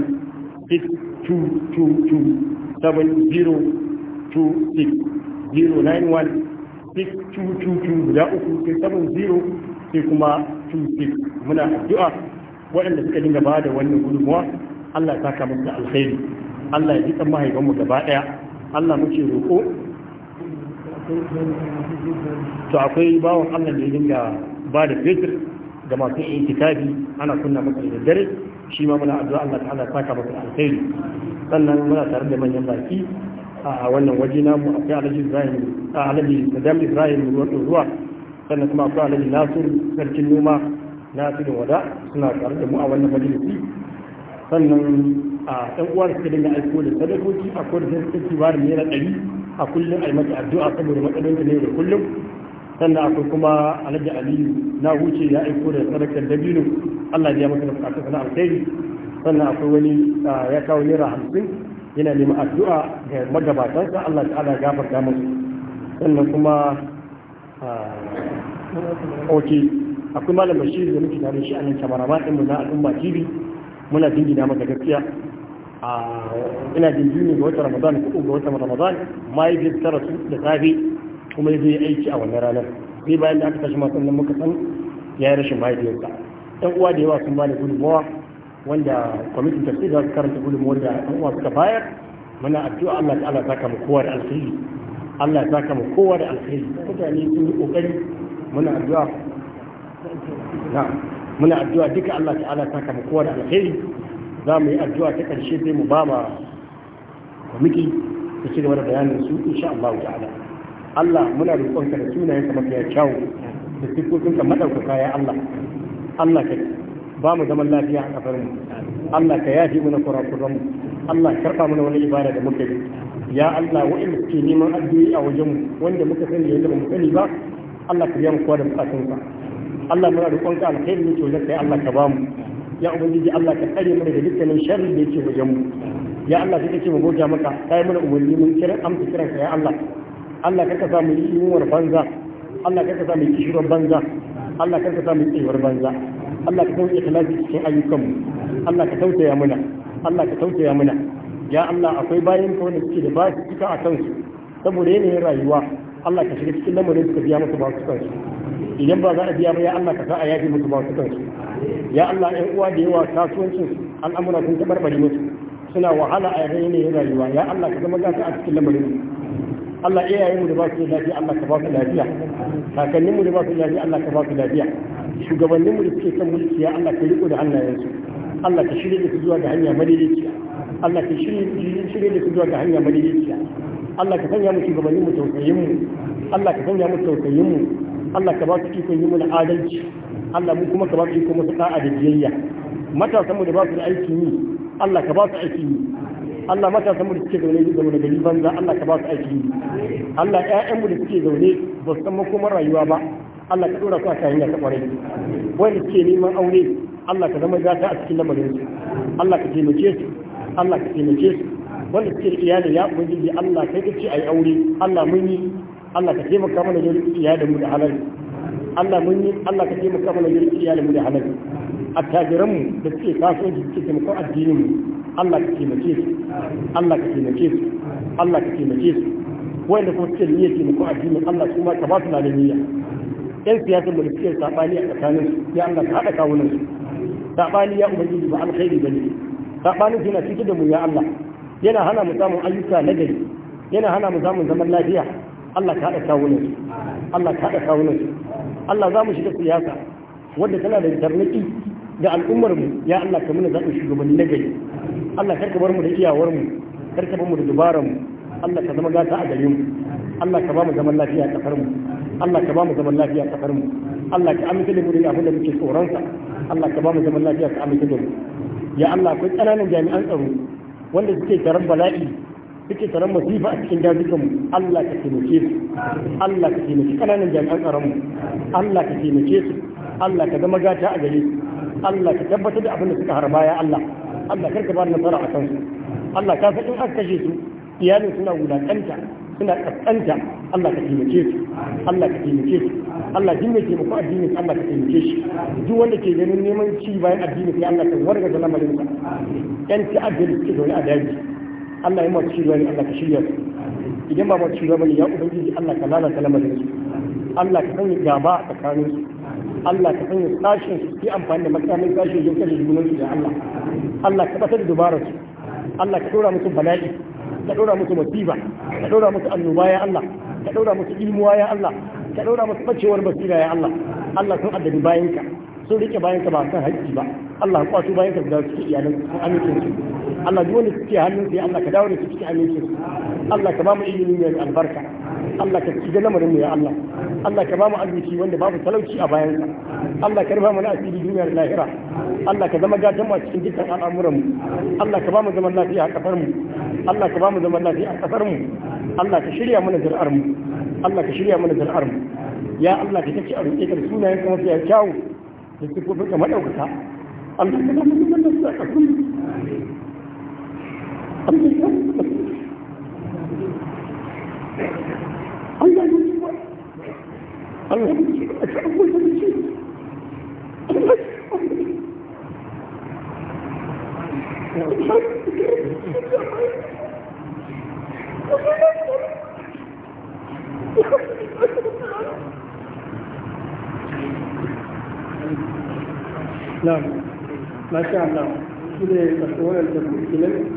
guda uku sai sabon zero sai kuma 26 muna addu'a waɗanda suka dinga ba da wannan gudunmuwa Allah ya saka musu alkhairi Allah ya ji kan mahaifanmu gaba ɗaya Allah muke roƙo to akwai bawon Allah da ya dinga ba da fetur ga masu itikafi ana kunna masa da dare shi ma muna addu'a Allah ta'ala ya saka masa alkhairi sannan muna tare da manyan baki a wannan waje namu akwai alhaji Ibrahim alhaji Saddam Ibrahim wato ruwa sannan kuma akwai alhaji Nasir sarkin noma na tudun wada suna tare da mu a wannan majalisi sannan a ɗan uwa da suka dinga aiko da sadakoki a kodin sarki ba da naira ɗari a kullum a yi mata addu'a saboda matsalolin da ne da kullum sannan akwai kuma alhaji aliyu na wuce ya aiko da sadakar dabino allah ya maka da bukatu na alkhairi sannan akwai wani ya kawo naira hamsin yana neman addu'a ga magabatansa allah ta ya gafarta musu sannan kuma ok akwai malam bashir da muke tare shi a nan kamar ma mu na al'umma tv muna dingina maka gaskiya ina jinjini ga wata ramadan ko ga wata ramadan bi ta su da safe kuma ya yi aiki a wannan ranar sai bayan da aka tashi masu nan muka san ya yi rashin mahaifiyarsa ɗan uwa da yawa sun bani gudunmawa wanda kwamitin tafsir za su karanta gudunmawar da ɗan uwa suka bayar muna addu'a Allah ta'ala ta kama kowa da alkhairi Allah ta kowa da alkhairi mutane sun yi kokari muna addu'a na muna addu'a duka Allah ta'ala kama kowa da alkhairi za mu yi addu'a ta karshe sai mu ba ma kwamiti su ci gaba da bayanin su insha Allah ta'ala Allah muna roƙonka da sunayen ka mafiya kyawu da sifofin ka madaukaka ya Allah Allah ka ba mu zaman lafiya a kafarin mu Allah ka yafi mana kurakuran mu Allah karfa mana wani ibada da muka yi ya Allah wa'inda suke neman addu'o'i a wajen mu wanda muka sani yadda ba mu sani ba Allah ka biya mu kowa da bukatunsa Allah muna roƙonka alkhairi ne to kai Allah ka ba mu ya ubangiji Allah ka tsare mana da dukkanin sharri da yake wajen mu ya Allah sai kace mu goja maka kai mana umarni mun kira amsa kiranka ya Allah Allah karka sa mu yiwuwar banza Allah karka sa mu kishirwar banza Allah karka sa mu tsiwar banza Allah ka sauke ikhlasi cikin ayyukanmu Allah ka tausaya muna Allah ka tausaya muna ya Allah akwai bayan ka wanda suke da ba su cika a kan su. saboda yanayin rayuwa Allah ka shiga cikin lamarin su ka biya musu ba su kansu idan ba za a biya ba ya Allah ka sa a yafi musu ba su kansu ya Allah ɗan uwa da yawa kasuwancin al'amura sun tabarbare musu suna wahala a yanayin rayuwa ya Allah ka zama gasa a cikin lamarin Allah iyayen mu da ba su lafiya Allah ka ba su lafiya kakannin mu da ba su lafiya Allah ka ba su lafiya shugabannin mu da suke kan mulki Allah ka riko da hannayensu Allah ka shirye da su zuwa ga hanya madaidaiciya Allah ka shirye da su zuwa ga hanya madaidaiciya Allah ka sanya mu shugabannin mu tausayin mu Allah ka sanya mu tausayin mu Allah ka ba su ikon yi mana adalci Allah mu kuma ka ba su ikon masu da'a da biyayya matasan mu da ba su da aikin yi Allah ka ba su aikin yi Allah matasa mu da suke zaune da zaune gari banza Allah ka ba su aiki Allah ƴaƴan mu da suke zaune ba su san makomar rayuwa ba Allah ka dora su a kan hanya ta kwarai wanda suke neman aure Allah ka zama gata a cikin lamarin su Allah ka taimake su Allah ka taimake su wanda suke da iyali ya ubangiji Allah kai ka ce yi aure Allah mun yi Allah ka taimaka mana da iyalin mu da halal Allah mun yi Allah ka taimaka mana da iyalin mu da halal attajiran mu da suke kasuwanci suke taimakon addinin mu Allah ka taimake su Allah ka taimake su Allah ka taimake su da kuma suke niyyar taimako a addinin Allah su ma ka ba su na da niyya yan siyasar mu da suke sabani a tsakanin su ya Allah ka haɗa kawunan su sabani ya ubangiji ba alkhairi bane sabanin yana cikin da mu ya Allah yana hana mu samun ayyuka na gari yana hana mu samun zaman lafiya Allah ka haɗa kawunan su Allah ka haɗa kawunan su Allah za mu shiga siyasa wadda tana da tarnaki da al'ummar mu ya Allah ka muna zaɓin shugabanni na gari Allah kar ka bar mu da iyawar mu kar ka bar mu da dubaran mu Allah ka zama gata a gare mu Allah ka ba mu zaman lafiya a kafar mu Allah ka ba mu zaman lafiya a kafar mu Allah ka amince da mu da abin da muke tsoron sa Allah ka ba mu zaman lafiya ka amince da mu ya Allah akwai ƙananan jami'an tsaro wanda suke taron bala'i suke taron masifa a cikin dazukan mu Allah ka taimake su Allah ka taimake ƙananan jami'an tsaron mu Allah ka taimake su Allah ka zama gata a gare su Allah ka tabbatar da abin da suka harba ya Allah Allah karka ba nasara a kansu Allah ka san in aka kashe su iyalin suna wulakanta suna kaskanta Allah ka taimake su Allah ka taimake su Allah din mai taimako addinin Allah ka taimake shi duk wanda ke ganin neman ci bayan addini sai Allah ka warga da lamarin sa yan ta'addi da suke zaune a daji Allah ya mace ruwa ne Allah ka shirya su idan ba mace ruwa bane ya ubangiji Allah ka lalata lamarin su Allah ka sanya gaba tsakanin su Allah ka sanya sashin su yi amfani da makamin sashin don kashe junan su da Allah Allah ka batar da dubarar su Allah ka dora musu bala'i ka dora musu masifa, ka dora musu annoba ya Allah ka dora musu ilmuwa ya Allah ka dora musu bacewar basira ya Allah Allah sun addabi bayanka sun rike bayanka ba san haƙƙi ba Allah kwato bayanka da su iyalan amincin su Allah duk wanda suke hannun sai Allah ka dawo da su cikin aminci Allah ka ba mu ilimi mai albarka Allah ka ci lamarin mu ya Allah Allah ka ba mu arziki wanda babu talauci a bayan sa Allah ka rufa mana asiri duniyar lahira Allah ka zama gadan mu cikin dukkan al'amuran mu Allah ka ba mu zaman lafiya a kafar mu Allah ka ba mu zaman lafiya a kafar mu Allah ka shirya mana zuri'ar mu Allah ka shirya mana zuri'ar mu ya Allah ka tace a roƙe ka sunayen kuma fiye kyawu da su kuma ka madaukaka Allah ka zama zaman lafiya a kafar mu الله يجيب الله يجيب الله نعم ما شاء الله كده تقول التمثيل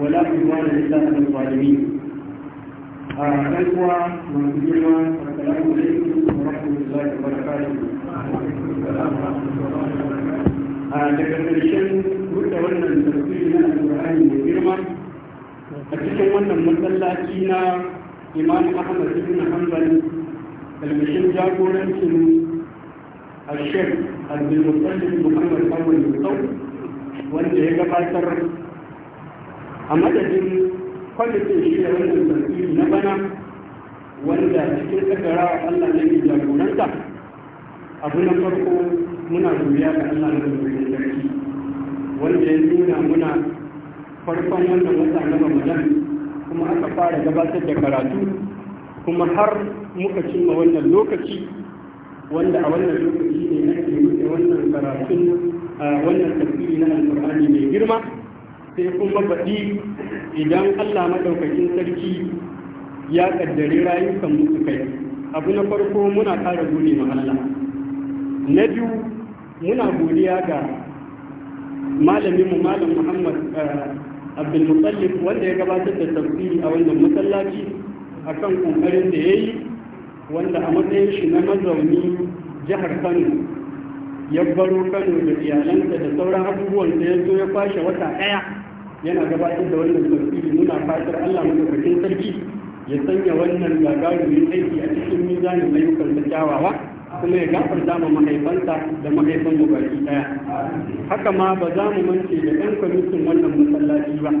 ولا عدوان إلا على الظالمين أخوة وأخوة السلام عليكم ورحمة الله وبركاته daga ƙarshen wannan na alƙur'ani mai girma a cikin wannan masallaci na imam ahmad ibn hanbal kalmashin jagorancin ashek abdulmutallin muhammad awal wanda ya gabatar a madadin kwamitin da wannan tasiri na bana wanda cikin tsakara Allah ne ke jagoranta abu na farko muna godiya ga Allah na dokokin sarki wanda ya nuna muna farkon wannan wata na Ramadan kuma aka fara gabatar da karatu kuma har muka cimma wannan lokaci wanda a wannan lokaci ne ake yi wannan karatun wannan tafsiri na Al-Qur'ani mai girma sai kuma baɗi idan allah maɗaukakin sarki ya ƙaddari rayukan musu kai abu na farko muna ƙara gode ma allah na biyu muna godiya ga malaminmu malam muhammad eh, Muttalib wanda ya gabatar da tafsiri a wannan masallaci akan ƙoƙarin da yayi wanda a matsayin shi na mazauni jihar kano ya baro kano da iyalanta da sauran abubuwan da ya zo ya kwashe wata ɗaya yana gabatar da wannan tafsiri muna fatar Allah madaukakin sarki ya sanya wannan gagarumin aiki a cikin mizanin layukan da kyawawa kuma ya gafarta ma mahaifansa da mahaifan mu baki daya haka ma ba za mu mance da ɗan kwamitin wannan masallaci ba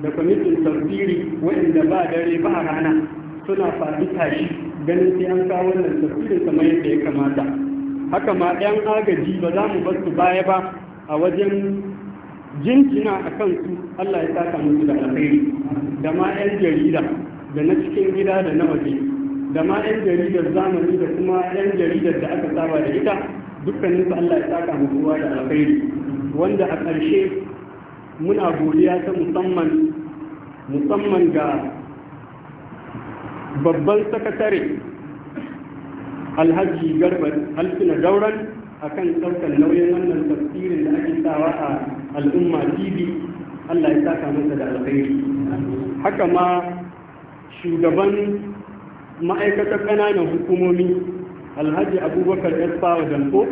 da kwamitin tafsiri waɗanda ba dare ba a rana suna faɗi tashi ganin sai an kawo wannan tafsirin kamar yadda ya kamata haka ma 'yan agaji ba za mu bar su baya ba a wajen jinkina a kansu Allah ya saka musu da alheri da ma 'yan jarida da na cikin gida da na waje da ma 'yan jaridar zamani da kuma 'yan jaridar da aka saba da ita dukkaninsu Allah ya saka musu ruwa da alheri wanda a ƙarshe muna godiya ta musamman musamman ga babban sakatare alhaji Garba alfina gauran akan ɗaukar nauyin wannan tafsirin da ake sawa a al'umma tv allah ya saka masa da alkhairi haka ma shugaban ma'aikatar ƙananan hukumomi alhaji abubakar yasfawa dambo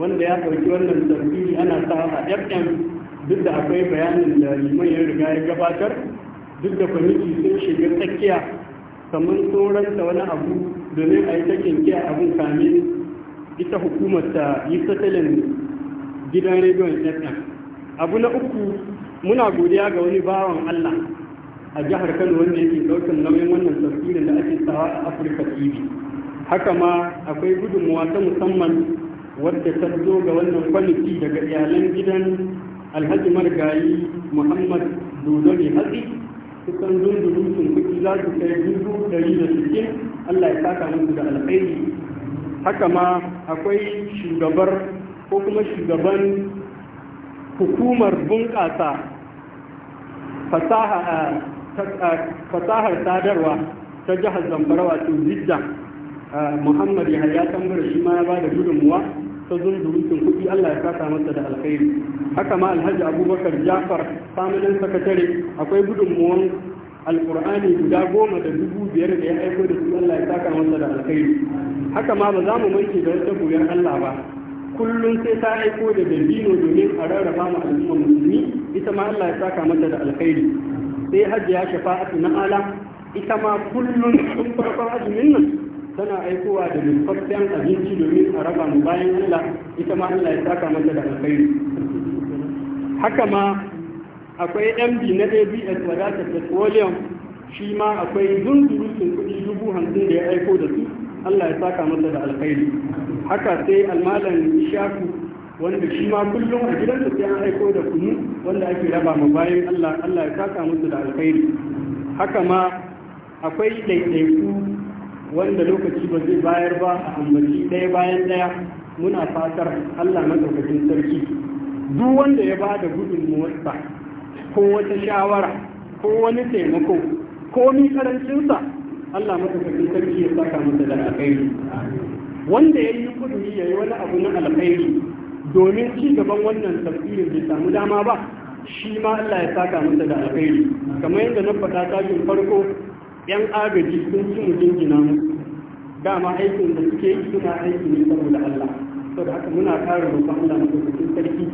wanda ya ɗauki wannan tafsiri ana sawa a fm duk da akwai bayanin da liman ya riga ya gabatar duk da kwamiti sun shiga tsakiya kamar tsoron wani abu domin a yi ta kinkiya abin kame. ita hukumar ta yi satalin gidan rediyon fm abu na uku muna godiya ga wani bawan allah a jihar kano wanda yake ɗaukar nauyin wannan tafsirin da ake sawa a afirka tv haka ma akwai gudunmuwa ta musamman wadda ta zo ga wannan kwamiti daga iyalan gidan alhaji margayi muhammad dodo ne hatsi kusan sun kuɗi za su kai dubu ɗari da suke. allah ya saka musu da alkhairi haka ma akwai shugabar ko kuma shugaban hukumar bunƙasa fasahar sadarwa ta jihar zamfara wato jidda muhammad yahaya tambara shi ma ya ba da gudunmuwa ta zunzurutun kuɗi allah ya kasa masa da alkhairi haka ma alhaji abubakar jafar samunan sakatare akwai gudunmuwan Alƙur'ani guda goma da dubu biyar da ya aiko da su allah ya saka masa da alkhairi haka ma ba za mu maike da wata goyon Allah ba kullum sai ta aiko da dabino domin a rarraba mu al'umma musulmi ita ma Allah ya saka mata da alkhairi sai shafa shafa'atu na ala ita ma kullum sun farkon azumin nan tana aikowa da lumfaffen abinci domin a raba mu bayan Allah ita ma Allah ya saka mata da alkhairi haka ma akwai md na abs wadatar petroleum shi ma akwai zunzurutun kuɗi dubu hamsin da ya aiko da su Allah ya saka masa da alkhairi haka sai almalan shafi wanda shi ma kullum a gidansa sai an aiko da kunu wanda ake raba ma bayan Allah Allah ya saka masa da alkhairi haka ma akwai ɗaiɗaiku wanda lokaci ba zai bayar ba a ambaci ɗaya bayan ɗaya muna fatar Allah madaukakin sarki duk wanda ya ba da gudunmuwarsa ko wata shawara ko wani taimako ko ni karancinsa Allah madaukakin sarki ya saka masa da alkhairi wanda ya yi kudi ya yi wani abu na alkhairi domin ci gaban wannan tafsirin bai samu dama ba shi ma Allah ya saka masa da alkhairi kamar yadda na faɗa tashin farko yan agaji sun ci mu jingina mu, dama aikin da suke yi suna aiki ne saboda Allah saboda haka muna kare roƙon Allah na sarki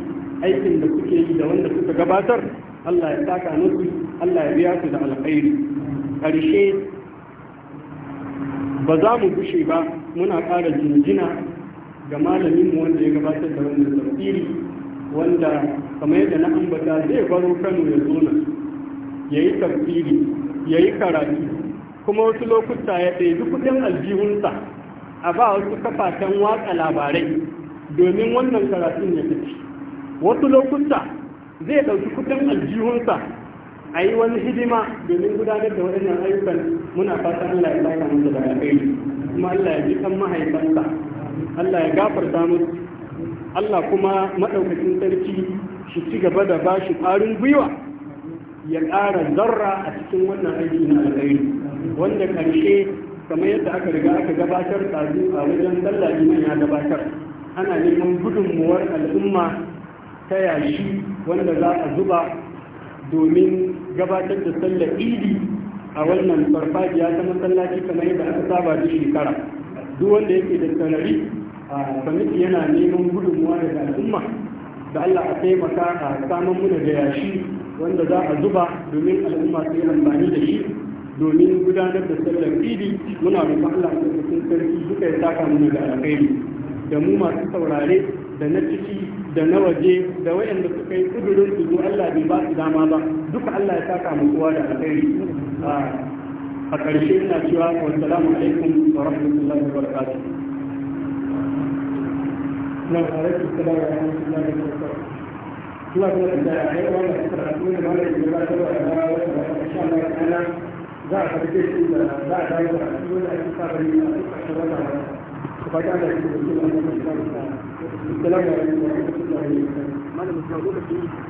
aikin da suke yi da wanda suka gabatar Allah ya saka musu Allah ya biya su da alkhairi ƙarshe ba za mu bushe ba muna ƙara jinjina ga malaminmu wanda ya gabatar da wannan tafsiri wanda kamar yadda na ambata zai baro kano ya zo ya yi tafsiri ya yi karatu kuma wasu lokuta ya ɗaya kudin aljihunsa a ba wasu kafafen watsa labarai domin wannan karatun ya fi wasu lokuta zai ɗauki kudin aljihunsa a yi wani hidima domin gudanar da waɗannan ayyukan muna fata Allah ya saka musu da alheri kuma Allah ya ji kan mahaifansa Allah ya gafarta musu Allah kuma maɗaukacin sarki shi ci gaba da ba shi ƙarin gwiwa ya ƙara zarra a cikin wannan aiki na alheri wanda ƙarshe kamar yadda aka riga aka gabatar tsazu a wajen sallah ya gabatar ana neman gudunmuwar al'umma ta yashi wanda za a zuba domin gabatar da sallar idi a wannan farfajiya ta masallaci kamar yadda aka saba da shekara duk wanda yake da sanari a kwamiti yana neman gudunmuwa daga al'umma da Allah a taimaka a samun muna da yashi wanda za a zuba domin al'umma su yi amfani da shi domin gudanar da sallar idi muna da Allah a cikin sarki duka ya saka muna da alkhairi da mu masu saurare da na ciki da na waje da wayanda suka yi kudurin su Allah bai ba su dama ba duk Allah ya saka mu kowa da alheri a ƙarshe ina cewa wa salamu alaikum wa rahmatullahi wa barakatuh na alaikum salamu wa rahmatullahi wa barakatuh kuma kuma da ai wannan karatu ne ba da ba da ba da insha Allah ta'ala za a karbe shi da za a dawo da wani da aka fara yi a cikin wannan فجعل في السلام عليكم ورحمه الله وبركاته